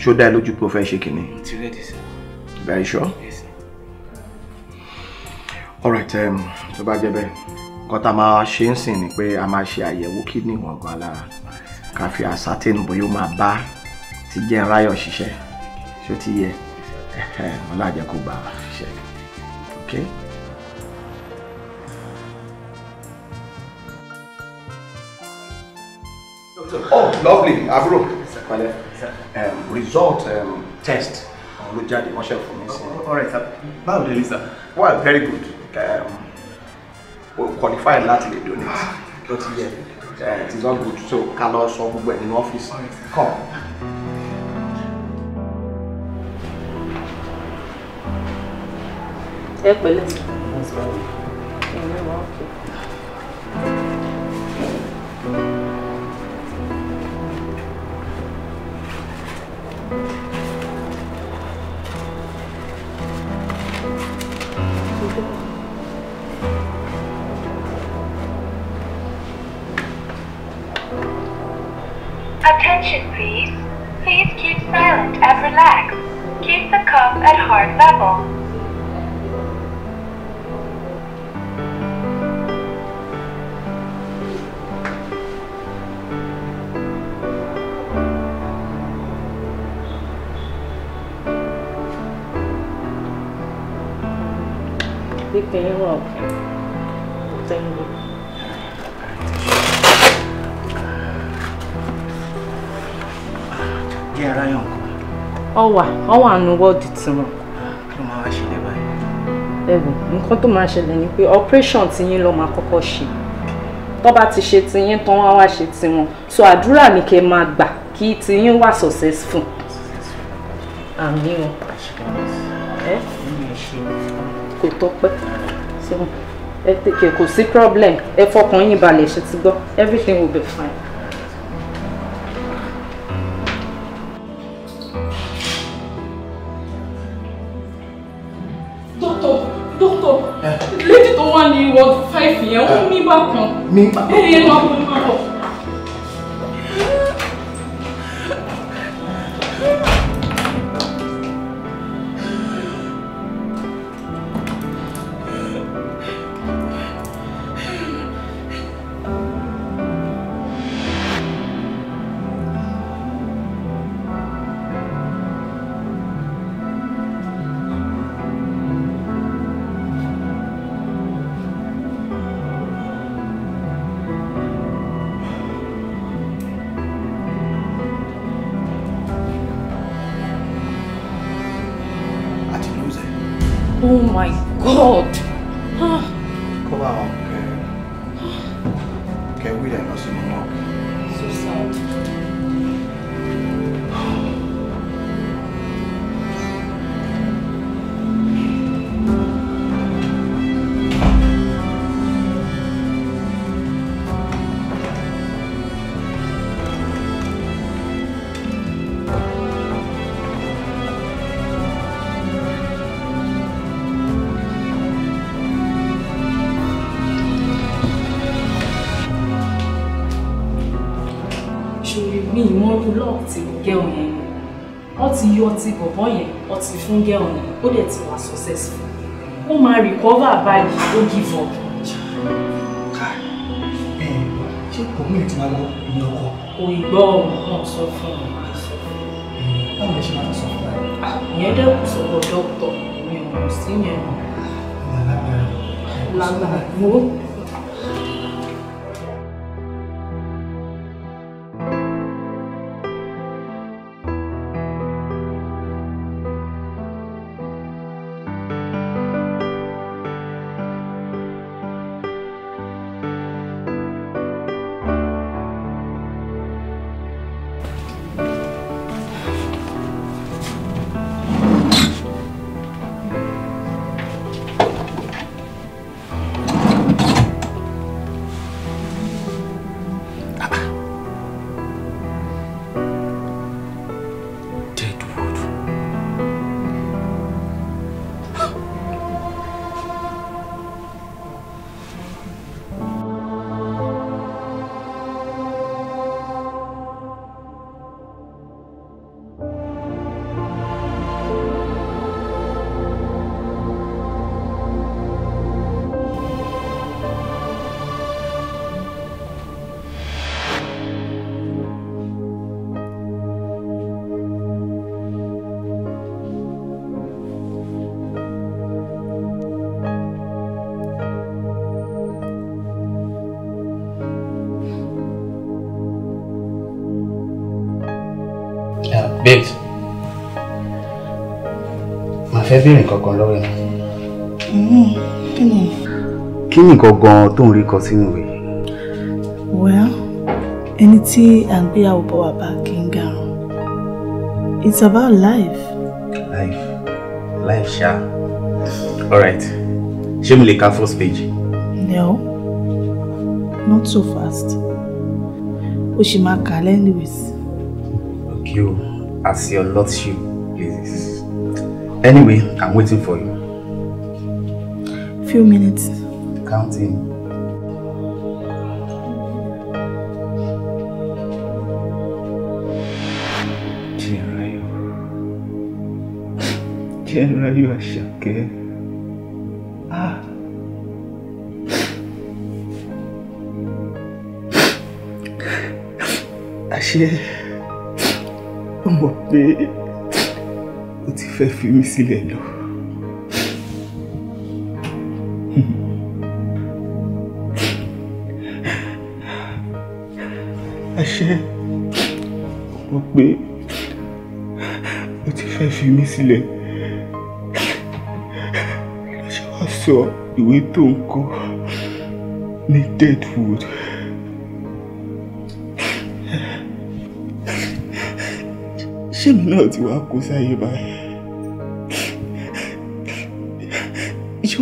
ṣó dá ẹ lójú pé o fẹ́ ṣe kínní. very sure. yes sir. alright um, tó bá jẹ́ bẹ́ẹ̀ nǹkan tá a máa ṣe ń sìn ni pé a máa ṣe àyẹ̀wò kídìní wọn gan lára ká fi ascertain bóyá ó máa bá ti jẹ́ ráyọ̀ ṣiṣẹ́ ṣó ti yẹ wọn láàjẹ́ kó gbà ṣiṣẹ́ ok. oh lovely àbúrò. Yes, um, result um, test òun ló jáde wọ́n ṣe fún mi sir báwo lè sir. well very good um, o qualify láti lè donate ah, ló ti yẹ um, it is all good so ká lọ sọ gbogbo ẹ̀ nínú ọ́fíìsì come. Let's go. Attention please. Please keep silent and relax. Keep the cup at heart level. tem o òkè kò tẹ̀yìn wà. jẹ́ ara yàn kọ́. ọwà ọwà nu wọ́ọ̀dì tiwọn. kí ló máa wá ṣẹlẹ̀ báyìí. ẹ̀wọ̀n nǹkan tó máa ṣẹlẹ̀ ni pé operation ti yín ló máa kọ́kọ́ ṣe tó bá ti ṣe tiyín tán wá wá ṣe tiwọn so que ni kẹ́ máa gbà kí tiyín wà successful. àmì o kò tọ́pẹ́ tí wọn ẹ tètè kò sí problem ẹ fọkàn yín balẹ̀ ṣe ti gbọ́ everything will be fine. dókítà dókítà lẹ́yìn tó wà ní ward five yẹn ó mí bá kan ẹ̀yẹ máa kú. gẹ́hùn yẹn wọ́n ti yọ ti bọ̀bọ́ yẹn wọ́n fún gẹ́hùn yẹn ó dẹ̀ ti wà successful ó máa recover báyìí ó give up. Eh, ṣé kò mú ìtura lọ ní ọkọ. kò ìgbọ́ ọ̀hún náà sọ fún mi. báwo lè ṣe máa sọ fún mi. Eh, ah, ìyẹn dẹ́kun sọ̀rọ̀ dókítà mi ò sí yẹn. Ah, lágbára wo. fẹ́ béèrè kankan lọ́wọ́ ẹ. Mm, kí ni nǹkan gan-an tó ń rí kọ sínú rẹ̀. well ẹni tí à ń gbéyàwó bọ̀ wá bá kì í garun it's about life. life life ṣá alright ṣé mo lè ka first page. no not so fast o ṣì máa kà á lẹ́nu ìwé okay o as your lordship pleases. Anyway, I'm waiting for you. Few minutes. Counting. Jẹ́nráyọ̀ Àṣàkẹ́. Ah. Àṣé, ó mọ̀ pé ti fẹ́ fi mí sílẹ̀ lọ. [LAUGHS] àṣẹ mọ̀ pé ó ti fẹ́ fi mí sílẹ̀ àṣẹ wá sọ ìwé tó ń kọ ní deadwood. ṣé mi náà ti wá kó sáyé báyìí.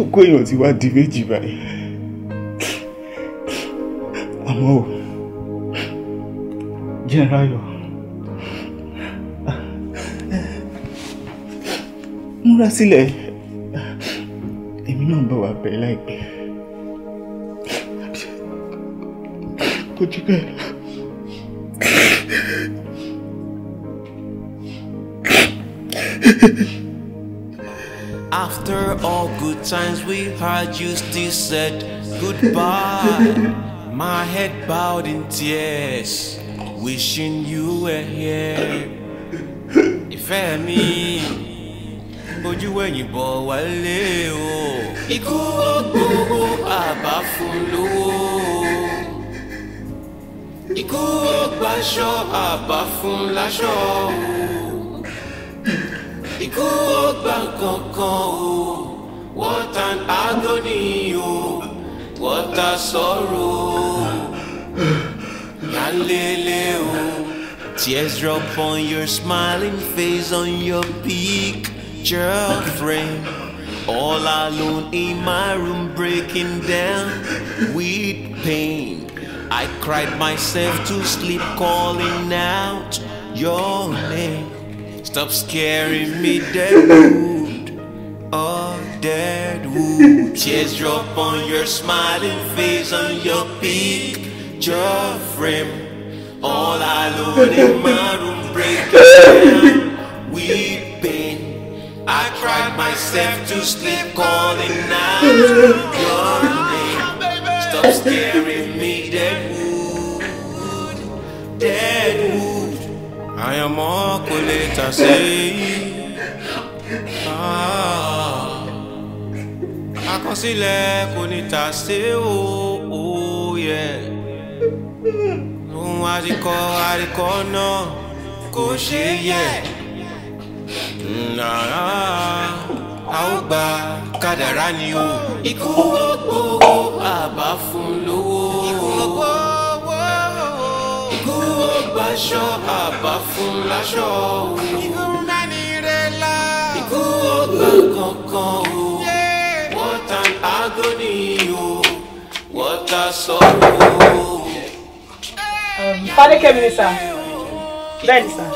òkú èèyàn ti wá di méjì báyìí àmọ́ ò jẹ́ráyọ̀ múra sílẹ̀ èmi náà bá wà bẹ́ẹ̀ láìpẹ́ kò jù bẹ́ẹ̀ lọ. times we had used to said goodbye. [LAUGHS] My head bowed in tears, wishing you were here. me, you ojú ẹ̀yìn bọ̀ wálé o. Ikú ògbówó àbá fún lówó. Ikú ògbàṣọ àbá fún láṣọ o. Ikú ògbà kankan o. ta sorrow. Oh. Tears drop on your smiling face, on your picture frame. All alone in my room, breaking down with pain. I cried myself to sleep, calling out your name. Stop scaring me, dead. Oh dead tears drop on your smiling face On your picture frame All alone in my room Breaking down, weeping I cried myself to sleep Calling out your name Stop scaring me Deadwood Deadwood I am all collator say Ah àkọsílẹ̀ kò ní tà sí o òye ohun àríkọ àríkọ náà kò ṣe yẹ nàrà a ó gba kádàrá ni o. ikú gbogbo àbá fún lówó. ikú gbogbo ikú àbá fún láṣọ. ikú mẹ́ni rẹ̀ la. ikú gbogbo kankan o an agony, oh, what a sorrow. Um, Father came sir. Bẹ́ẹ̀ni, sir.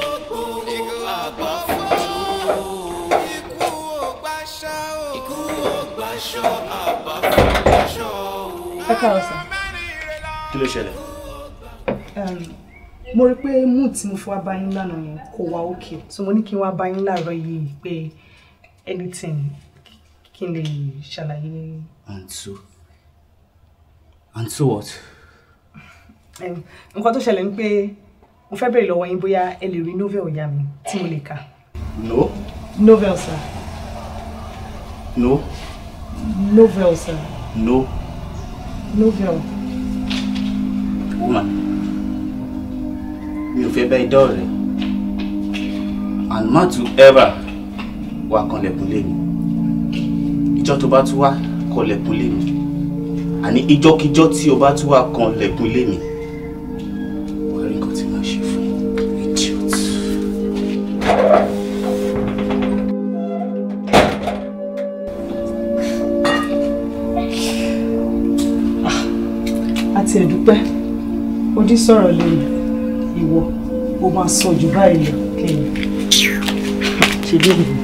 Ẹ káàárọ̀ sà. Kí ló ṣẹlẹ̀? Um, mo rí pé mood tí mo fi wá bá yín lánàá yẹn kò wá òkè. So mo ní kí n wá bá yín láàárọ̀ yìí pé anything kí n lè ṣàlàyé. and so and so what. nǹkan tó ṣẹlẹ̀ ń pé mo fẹ́ bèrè lọ́wọ́ yín bóyá ẹ lè rí novel ìyá mi tí mo lè kà. no. novel sir. no. novel sir. no. novel. woman mi ò fẹ́ bá ẹ dọ́ọ̀rẹ́ and not to ever wà kanlẹ̀kùn lé mi ìjọ tó bá tún wá kọ lẹ̀kùn lé mi àní ìjọkíjọ tí o bá tún wá kan lẹ̀kùn lé mi wàá rí nǹkan tí màá ṣe fún idiot. Ah, àti ẹ̀dúpẹ́ ó dín sọ̀rọ̀ lẹ́yìn ìwọ ó máa sọ jù báyìí lọ kẹ́yìn ṣe bí ènìyàn.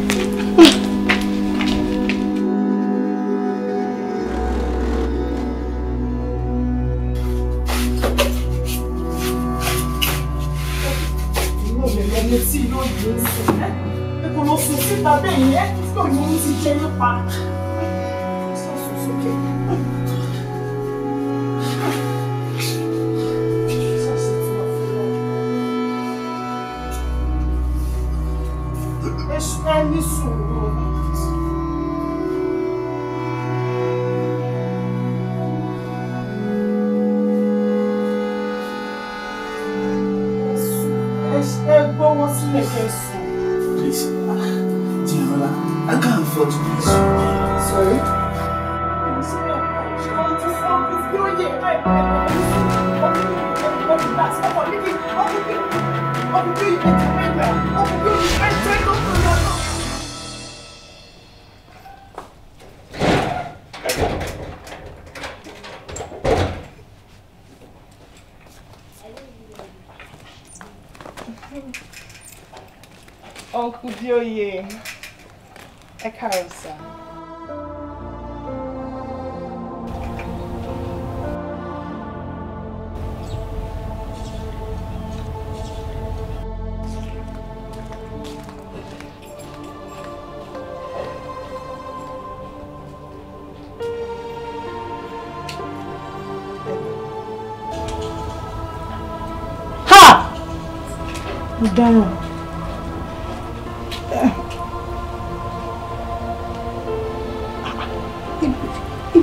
mo ibi náà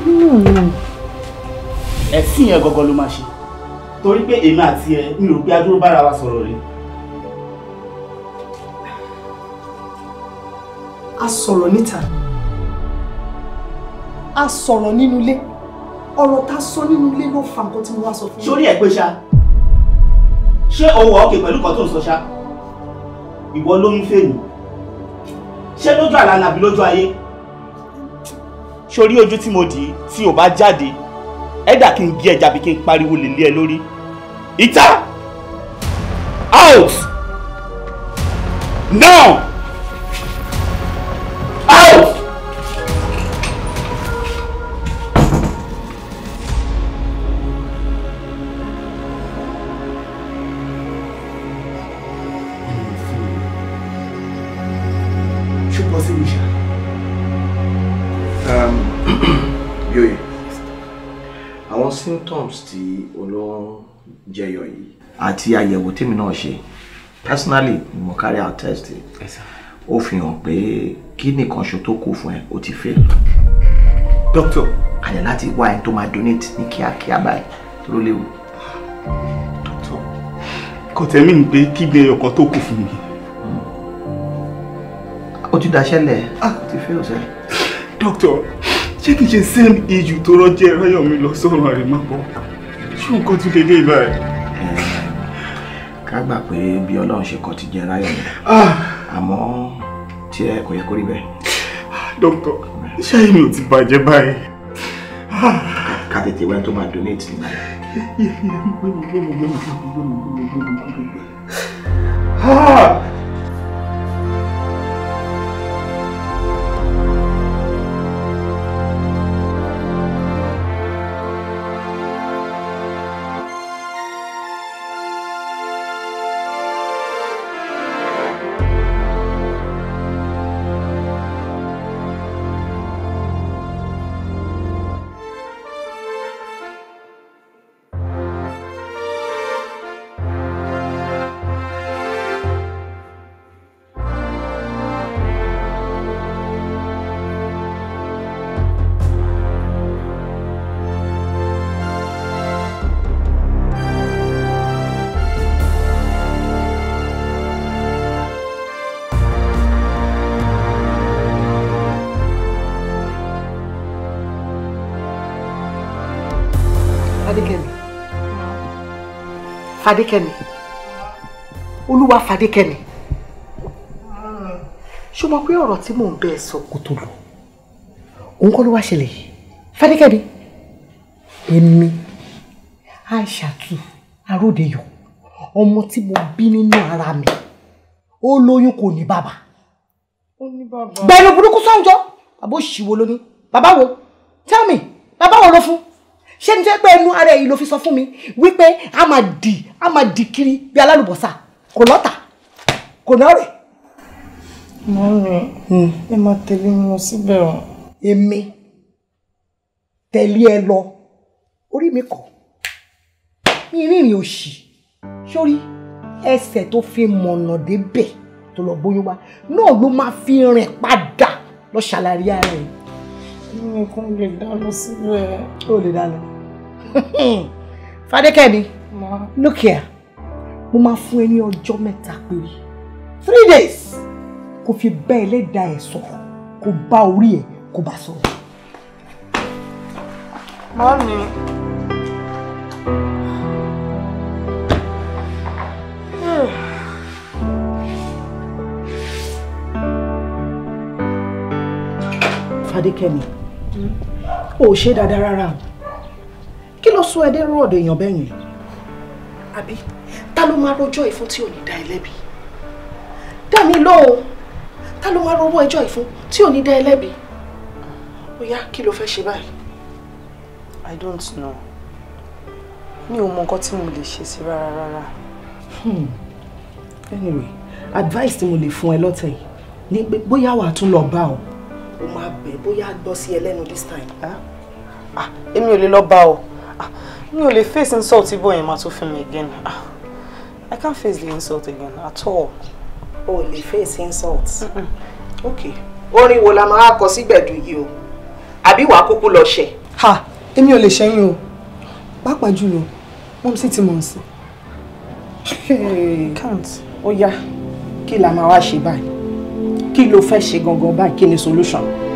ni o. ẹ̀sìn yẹn gọ́gọ́ ló máa ṣe torí pé èmi àti ẹ mi rò pé adúró bára wa sọ̀rọ̀ rí. a sọ̀rọ̀ níta a sọ̀rọ̀ nínú ilé ọ̀rọ̀ tá a sọ nínú ilé ló fa nǹkan tí mo wá sọ fún yín. sórí ẹ̀ pé ṣá ṣé o wọ̀ ọ́kẹ́ pẹ̀lú kan tó ń sọ ṣá ìwọ ló ń fẹ́ mi ṣé lójú àlá nàbí lójú ayé sórí ojú tí mo dì í tí ò bá jáde ẹ̀dà kí n gé ẹja bí kí n pariwo lè lé ẹ lórí ìta out now. àti àyẹ̀wò tèmi náà ṣe personally ni mo carry out test ó fi hàn pé kídìnì kan ṣo tó kù fún ẹ ó ti fail. doctor àyè láti wá ẹni tó máa donate ní kíákíá báyìí ló léwu. doctor kọ̀tẹ́mì ni pé kídìnì ẹyọ kan tó kù fún mi. ó ti daṣẹ́ lẹ̀ ó ah. ti fail sẹ́. doctor ṣé kìí ṣe same issue tó rọ́jẹ́ ráyọ̀mí lọ sọ́run àrèmábọ̀ ṣé nǹkan tún lè dé báyìí ká gbà pé bí ọlọ́run ṣe kọ ti jẹ ráyọ̀ ni ah. àmọ́ tí ẹ kò yẹ kó rí bẹ́ẹ̀. dókítà iṣẹ́ yìí mi ò ti bàjẹ́ báyìí. Ah. ká tètè wẹ́n tó máa donate nígbà yẹn. Ah. Fadékẹ́mi olúwa Fadékẹ́mi ṣó mọ̀ pé ọ̀rọ̀ tí mò ń bẹ́ẹ̀ sọ kò tó lò òun kọ́ ló wá ṣẹlẹ̀ yìí Fadékẹ́mi èmi Aishatu Aródeyọ ọmọ tí mo bí nínú ara mi ó lóyún kò ní bàbá bẹ́ẹ̀ ni burúkú sọ̀njọ́ bàbá òṣìwò lóní bàbá wo tell me bàbá wo ló fún ṣé ní fẹ́ pé ẹnu ara yìí ló fi sọ fún mi wípé a máa dì a máa dì kiri bí alálùbọ́sà kò lọ́tà kò nọ́rẹ̀. mo ń hmm. rìn ẹ máa tẹ̀lé mi lọ síbẹ̀ o. èmi tẹ̀lé ẹ lọ orí mi kọ̀ ní rírìn òṣì sórí ẹsẹ̀ tó fi mọ̀nà débẹ̀ tó lọ bóyún wá náà ló máa fi rìn padà lọ ṣàlàyé ara rẹ̀. mi ò kún lè dá lọ síbẹ̀. ó lè dá lọ. [LAUGHS] Fadékẹ́mi, look here, mo máa fún ẹ ní ọjọ́ mẹ́ta péré. Three days kò fi bá ẹlẹ́dàá ẹ̀ sọ̀rọ̀ kò bá orí ẹ̀ kò bá sọ̀rọ̀. Mọ́mí. [SIGHS] Fadékẹ́mi, o ò ṣe dáadáa rárá o kí ló sún ẹdẹ rú ọ̀dọ̀ èèyàn bẹ́yìn àbí ta ló máa rojọ́ ìfún tí ò ní dá ẹlẹ́bi dá mi lóhùn ta ló máa rọwọ́ ẹjọ́ ìfún tí ò ní dá ẹlẹ́bi bóyá kí ló fẹ́ ṣe báyìí. I don't know mi ò mọ nǹkan tí mo lè ṣe sí rárá rárá. Hmm. anyway advice tí mo lè fún ẹ lọ́tẹ̀ yìí ni pé bóyá wàá tún lọ bá ọ o máa bẹ̀ bóyá gbọ́ sí ẹ lẹ́nu this time. Ah, ah, èmi ò lè lọ bá ọ. Ah, mi ò face insult tí in yẹn máa tún again ah, I can't face the insult again at all. o oh, lè face insults. Mm -mm. ok orin wo la máa kọ sígbẹ̀dù yìí o àbí wàá kúkú lọ ṣe. ha èmi ò lè ṣẹ́yìn yo. Back jùlọ mọ́mí sì ti months. sí. count ó yá kí la máa wá ṣe báyìí kí ló fẹ́ ṣe gangan báyìí kí solution.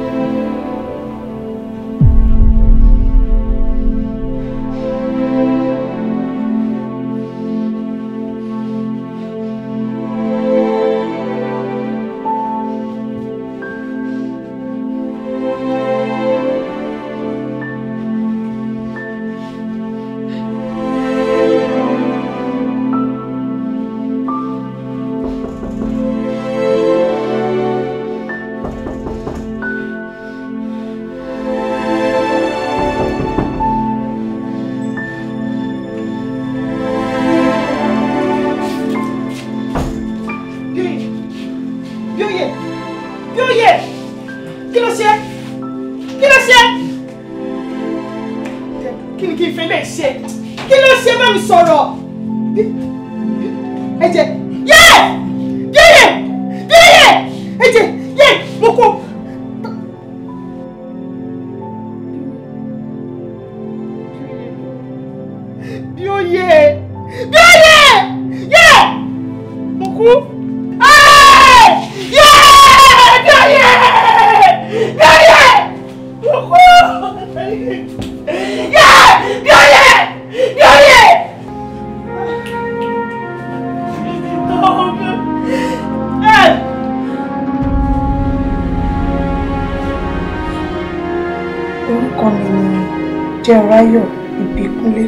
Jerayo Ibikule,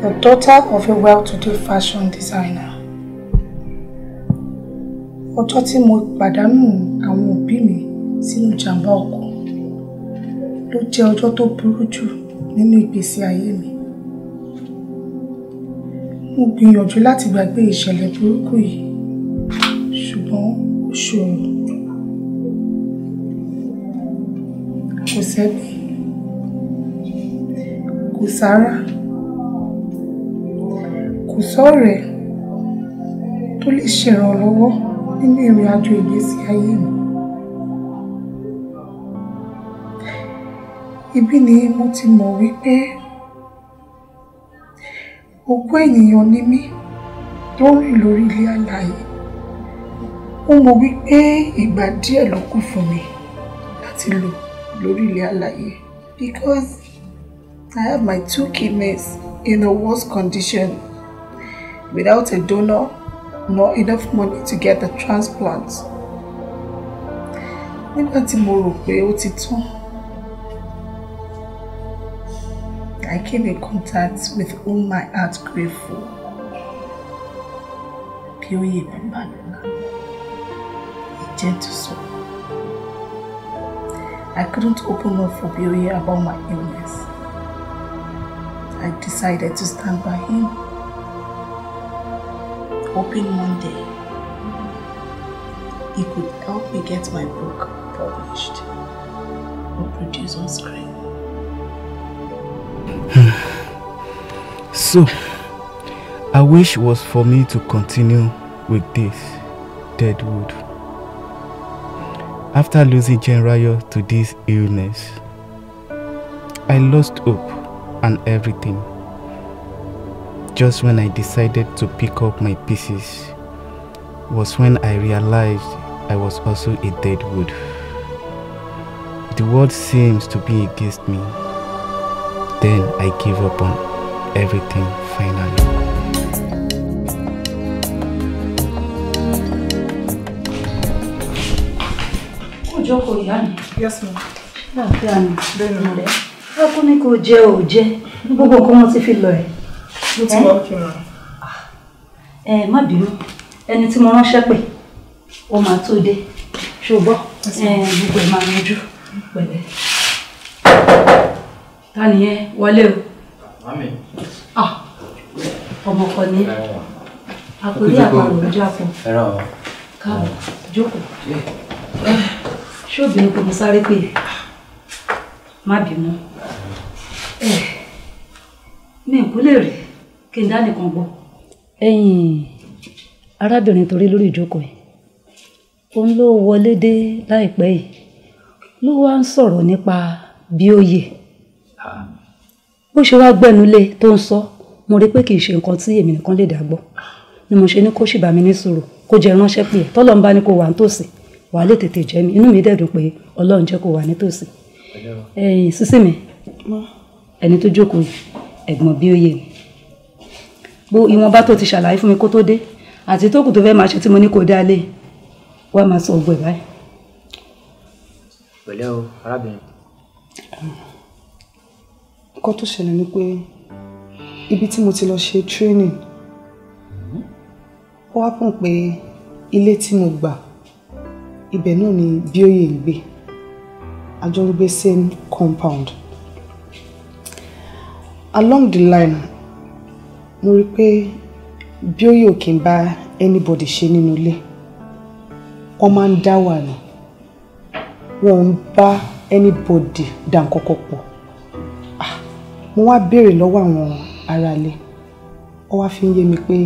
the daughter of a well-to-do fashion designer. Ọjọ́ tí mo pàdánù àwọn òbí mi sínú ìjàmbá ọkọ̀ ló jẹ́ ọjọ́ tó burú jù nínú ìgbésí ayé mi. Mo gbìyànjú láti gbàgbé ìṣẹ̀lẹ̀ burúkú yìí ṣùgbọ́n ó ṣòro. Kò sẹ́bi kò sára kò sọ́rẹ̀ẹ́ tó lè ṣèrànlọ́wọ́ nínú ìrìn àjò ìgbésí ayé mi. Ibí ni mo ti mọ̀ wípé òkú ènìyàn ni mí tó rìn lórí ilé alààyè. Mo mọ̀ wípé ìgbà díẹ̀ ló kù fún mi láti lò lórí ilé alààyè because I have my two kidneys in the worst condition without a donor nor enough money to get a transplant. Nígbà tí mo rò pé ó ti tán, I came in contact with whom my heart grateful. Bí ó yẹ a gentle soul. I couldn't open up for Bioye about my illness. I decided to stand by him. Hoping one day he could help me get my book published or produced on screen. [SIGHS] so, I wish was for me to continue with this deadwood. After losing Genrayo to this illness, I lost hope and everything. Just when I decided to pick up my pieces was when I realized I was also a dead wood. The world seems to be against me. Then I gave up on everything finally. Yes, ma'am. Ah, yes, ma'am. Kákú ní kò jẹ ò jẹ. Gbogbo nǹkan wọn ti fi lọ ẹ̀. Mo ti wọ́n kí wọn. Ẹ má bínú. Ẹni tí mo ránṣẹ́ pè, ó máa tó dé. Ṣùgbọ́n gbogbo ẹ̀ máa yanjú pẹ̀lẹ́. Ta ni ẹ wọlé o? Mami. Ọmọ kan ní ẹ. Àkórí àpàrọ̀ ojú àpò. Káàbọ̀, jókòó. Ṣé obìnrin kò mú sáré pè? Má bínú kò lè rí kí n dánìkan gbọ́. arábìnrin torí lórí ìjókòó yìí òun ló wọlé dé láìpẹ́ yìí ló wá ń sọ̀rọ̀ nípa bí ó yè bó ṣe wá gbẹnulé tó ń sọ mo rí pé kì í ṣe nǹkan tí èmi nìkan lè dàgbọ́ ni mo ṣe ní kó sì mi ní sùúrù kó jẹ ránṣẹ́ pé ẹ tọ́lọ́ ń bá ní kó wà nítòsí wà lè tètè jẹ́ mi inú mi dẹ̀dùn pé ọlọ́run jẹ́ kó wà nítòsí. sísí mi ẹni tó jókòó yìí ẹ̀gbọ́n bí ó yẹ bó ìwọ̀nba tó ti ṣàlàyé fún mi kó tó dé àti tó kù tó fẹ́ máa ṣe tí mo ní kó dá lé wá máa sọ ọgbẹ́ báyìí. pẹ̀lẹ́ o arábìnrin. nǹkan tó ṣẹlẹ̀ ni pé ibi tí mo ti lọ ṣe training ó wá pọ̀ pé ilé tí mo gbà ibẹ̀ náà ni bíóyè ń gbé a ń gbé same compound. Mm -hmm along the line mo rí i pé bí ó yóò kí n bá anybody ṣe nínú ilé wọ́n máa ń dá wà ní wọ́n ń bá anybody dá nǹkan kan pọ̀ ah, mo wá béèrè lọ́wọ́ àwọn aráalé ó wá fi ń yé mi pé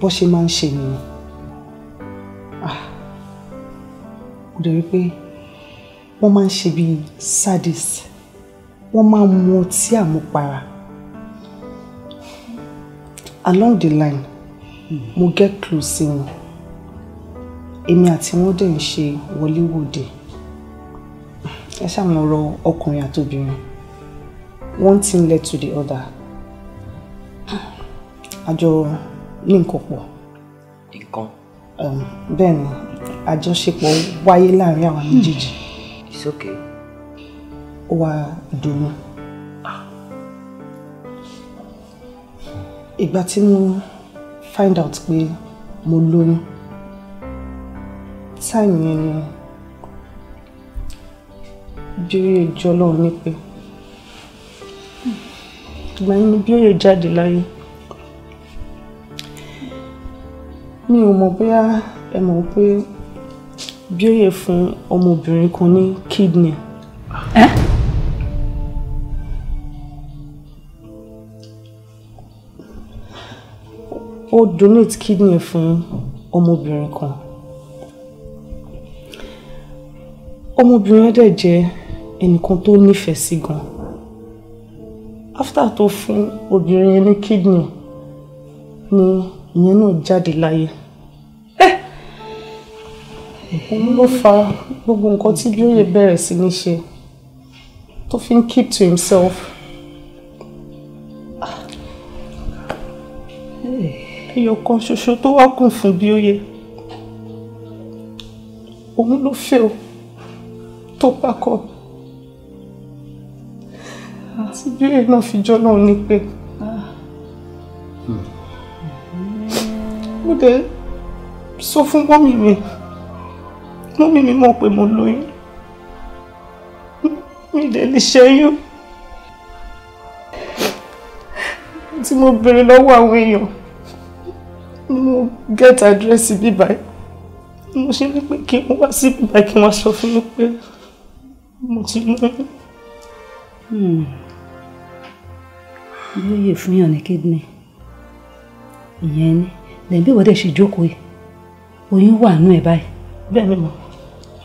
bó ṣe máa ń ṣe nìyẹn ah, mo dẹ̀ rí pé wọ́n máa ń ṣe bíi sadist wọ́n máa ń mu ọtí àmupara along the line mo get close sí wọn èmi àti wọn dẹ̀ ń ṣe wọléwòde ẹ ṣàwọn ọ̀rọ̀ ọkùnrin àtobìnrin one thing led to the other àjọ ní nǹkan pọ̀. nǹkan. bẹ́ẹ̀ ni àjọṣepọ̀ wáyé láàrin àwọn méjèèjì. it's okay wá dùnú. ìgbà tí mo find out pé mo lóyún time yẹn ni bírí ìjọ lọ́run ní pé ìgbà yẹn ni bírí jáde láyé mi ò mọ̀ bóyá ẹ mọ̀ pé bírí fún ọmọbìnrin kan ní kidney. Eh? ó donate kidney fún ọmọbìnrin kan ọmọbìnrin yẹn dẹ̀ jẹ́ ẹnìkan tó nífẹ̀ẹ́ sí gan after tó fún obìnrin yẹn ní kidney ni ìyẹn náà jáde láyé eh! òun ló fa gbogbo nǹkan tí Bíóyè bẹ̀rẹ̀ sí ní ṣe tó fi ń keep to himself. ẹyọ kan ṣoṣo tó wá kùn fún bí ó yẹ òun ló fẹ́ o tó pákọ̀ tí bí ẹ náà fi jọ́ náà ní pé mo dẹ̀ sọ fún mọ́mì mi mọ́mì mi mọ̀ pé mo lóyún mi dẹ̀ lè ṣẹ́yún tí mo béèrè lọ́wọ́ àwọn èèyàn mo get address bíbá yìí mo ṣe ní pé kí n wá sí bíbá kí n wá sọ fún mi pé mo ti lóyún. olóyè hmm. fún yàn ní kidney ìyẹn ni lẹ́bí ìwọ́dẹ̀ ṣe jókòó yìí oyún wà nú ẹ̀ báyìí. bẹ́ẹ̀ ni mo.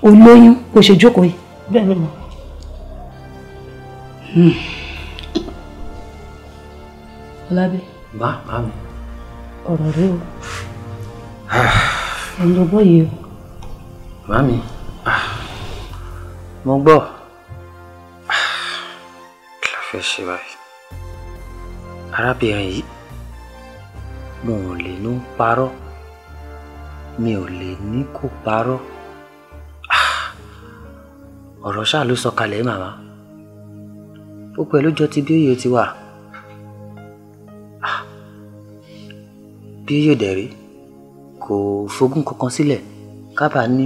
olóyún kò ṣe jókòó yìí. bẹ́ẹ̀ ni mo. Hmm. Ọlábí. Bá bá mi ọ̀rọ̀ rí o mo [SIGHS] lọ bọ́yìí o. màmí mo gbọ́ kí la fẹ́ ṣe báyìí arábìnrin yìí mo ò lè ní parọ́ mi ò lè ní kó parọ́ [SIGHS] ọ̀rọ̀ ṣáà ló sọ kalẹ̀ màmá ó pẹ̀lú jọ ti bí òye ti wà. bí yóò dẹ̀ rí kò fogún kankan sílẹ̀ kábà ní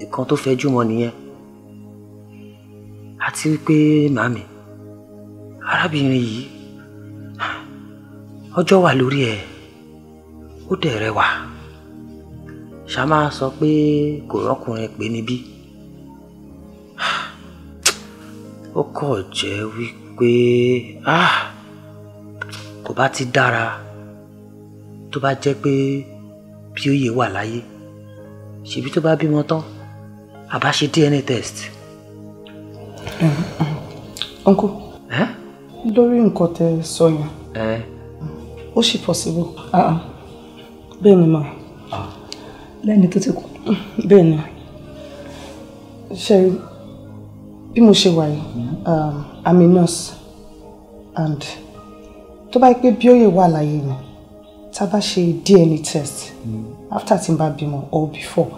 nǹkan tó fẹjú mọ́ nìyẹn àti wípé màmí arábìnrin yìí ọjọ́ wà lórí ẹ̀ ó dẹ̀ rẹwà ṣàmá sọ pé kò rọ́kùnrin pé níbí ó kọ̀ jẹ́ wípé kò bá ti dára tó bá jẹ́ pé Bíóyè wà láyé ṣèbí tó bá bímọ tán àbá ṣe DNA test. Mm-hmm. uncle lórí nǹkan tẹ sọ yẹn ó ṣì possible ah, ah. bẹ́ẹ̀ ni mà ah. lẹ́ni tó ti kú bẹ́ẹ̀ ni ṣe bí mo ṣe wà yìí mm-hmm. um, i'm a nurse and tó bá yẹ pé Bíóyè wà láyé ni tá a bá DNA test after tí n bá or before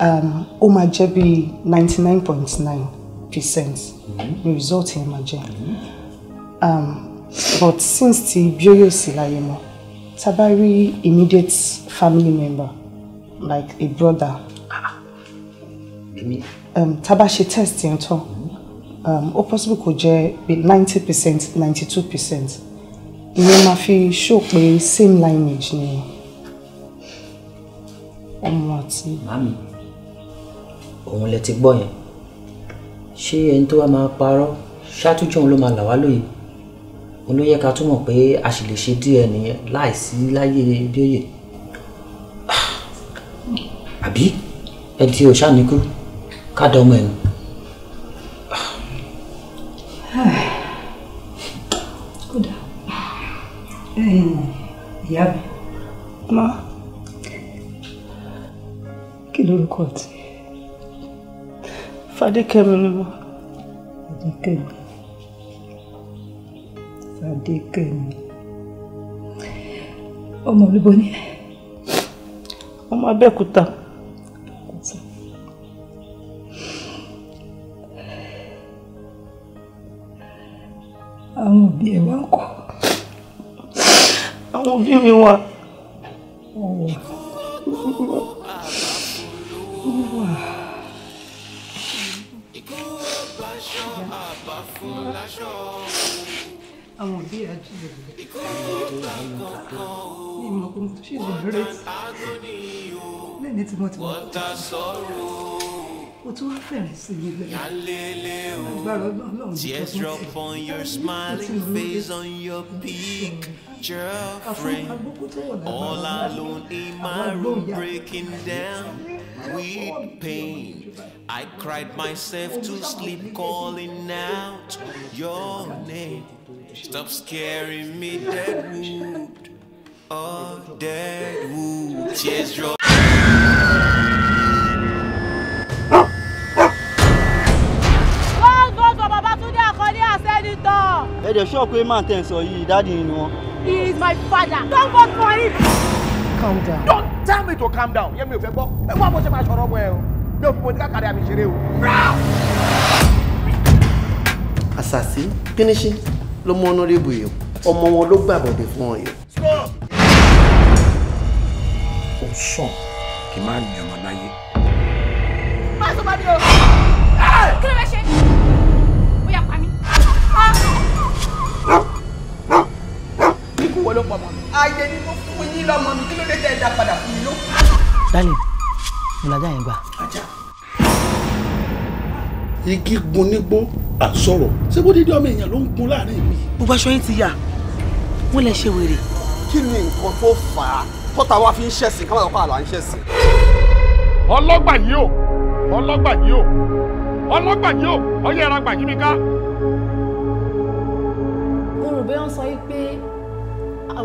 um, ó máa jẹ́ bí ninety nine point nine percent ni result yẹn máa Um, but since ti bí ó yóò sí láyé mọ́ tá immediate family member like a brother um, tá a bá test yẹn tán um, ó possible kó jẹ́ ninety percent ninety two percent ìyẹn máa fi show pé same lineage ni ọmọ àti. màmí òun lẹ ti gbọ́ yẹn ṣé ẹni tó wá máa parọ́ ṣáàtújọ́ òun ló máa là wá lóye òun ló yẹ ká túmọ̀ pé a sì lè ṣe díẹ̀ nìyẹn láìsí láyé lóye ah, àbí ẹ di òṣàníkú ká dá ọmọ ẹ̀ nù. ìyá mi. má kí lorúkọ tí fadékẹ́mi ni mo. fadékẹ́mi fadékẹ́mi ọmọ olúbo ni ọmọ abẹ́òkúta. àwọn òbí ẹ̀ tó bí mi wá. àwọn òbí àjílẹ̀ ní mo ó tún wá fẹ̀rẹ̀ tears drop on your smiling face on your picture frame. All alone in my room breaking down with pain. I cried myself to sleep calling out your name. Stop scaring me, Deadwood. Oh, Deadwood. Tears drop. ẹ dẹ̀ sọ pé máa tẹ̀ sọ yìí dáàdi ni wọn. he is my father. don't vote for him. calm down. don't tell me to calm down. yẹ́n mi ò fẹ́ gbọ́ ẹ wá bó ṣe máa ṣọ̀rọ̀ ọmọ ẹ o mi ò fi bòdì káàkiri àmì ìṣeré o. àṣàṣì pínísì ló mú ọ̀nà rẹ̀ bùyẹ̀ ọmọ wọn ló gbàbọ̀dẹ̀ fún ọ yẹn. ó sàn kì máa ní ọmọ láyé. má sọ bá mi o. kí ló fẹ́ ṣe? ó pa mí. ló mọ́ ayé ni mo fún yín lọ́mọ mi kí ló dé tẹ́ ẹ dá padà fún mi ló. darling mo lajà yẹn gbà. igi gun nígbó àsọ̀rọ̀ ṣé bó dídí ọmọ èèyàn ló ń gun láàrin mi. gbogbo aṣọ yín ti yà wọn lè ṣe wèrè. kí ni nǹkan tó fà á tọ́ta wa fi ń ṣẹ̀sìn káwọn ọ̀pá àlà ń ṣẹ̀sìn. ọlọ́gbà yìí o ọlọ́gbà yìí o ọlọ́gbà yìí o ọyẹ́ ẹ̀rọ àgbà mi ká. mo ń sọ yí pé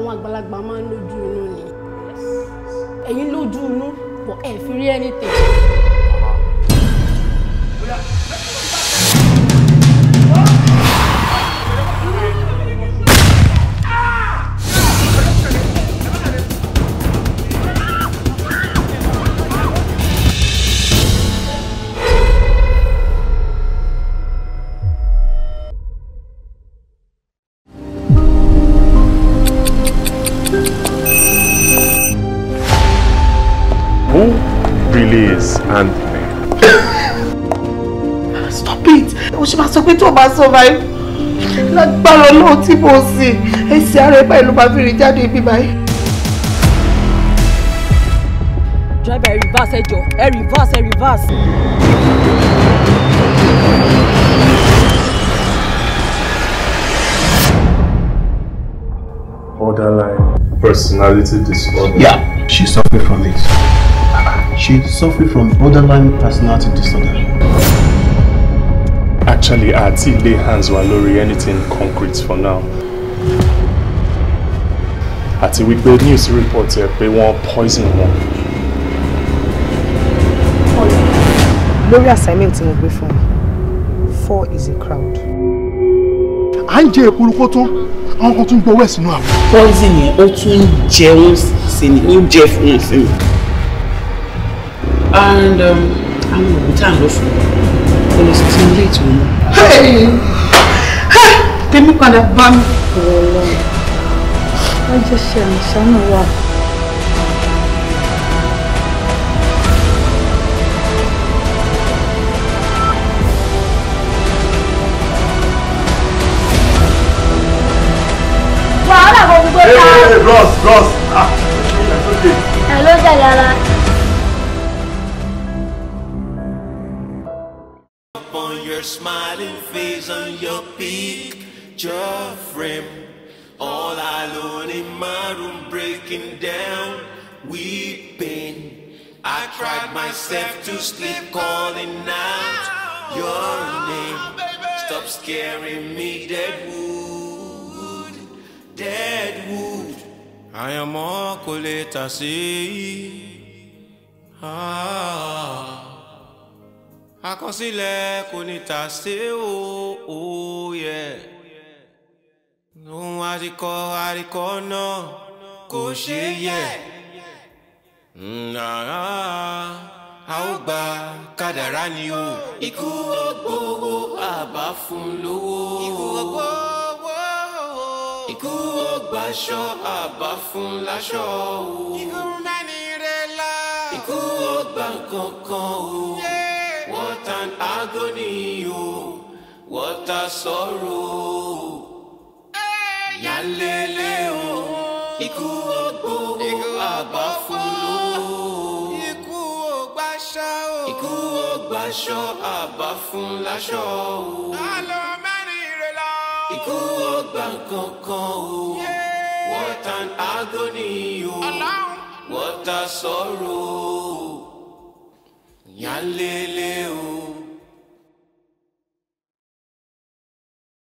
àwọn àgbàlagbà máa ń lójú inú ni ẹ̀yin lójú inú but ẹ̀ fi rí anything. hand me. Ah, stop it! O ṣe máa sọ pé to o bá survive. Lágbára náà tí mo sì ẹsẹ̀ ara ẹ̀ báyìí ló máa fi rìn jáde ibi Driver reverse ẹ jọ reverse ẹ reverse. Borderline personality disorder. Yeah, she suffered from it. She suffering from borderline personality disorder. Actually, I didn't lay hands on Lori. anything concrete for now. Àti wípé news report ẹ pé wọ́n poison wọn. Lórí assignment tí mo gbé four is a crowd. I'm ń jẹ I'm tán, to kan tún gbowó Poison yẹn ó tún jẹun sí ni, and àwọn oògùn tá à ń lọ fún ọ lọ sí ti ilé ìtura náà. tèmi padà bá mi. ọlọ́run wọ́n jẹ́ ṣe àmìṣá náà wà. wàhálà gbogbo ta. ee bros bros ah it's okay. ẹ ló smiling face on your picture frame. All alone in my room, breaking down, weeping. I tried myself to sleep, calling out your name. Stop scaring me, Deadwood, Deadwood. I am all I see. Ah. àkọsílẹ̀ kò ní tà sí o òòyẹ ohun àríkọ àríkọ náà kò ṣeé yẹ nàá a ó gba kádàrá ni o. ikú ògbówó àbá fún lówó. ikú ògbówó. ikú ògbàṣọ àbá fún láṣọ o. ikú mẹ́ni rẹ̀ la. ikú ògbà kankan o. Yeah. water sorrow yalele o ikú ogbó àbá fún ikú ògbàṣọ ikú ògbàṣọ àbá fún láṣọ o alo mẹ́rin rẹ lọ ikú ògbà kankan o what an agony o what a sorrow yalele o.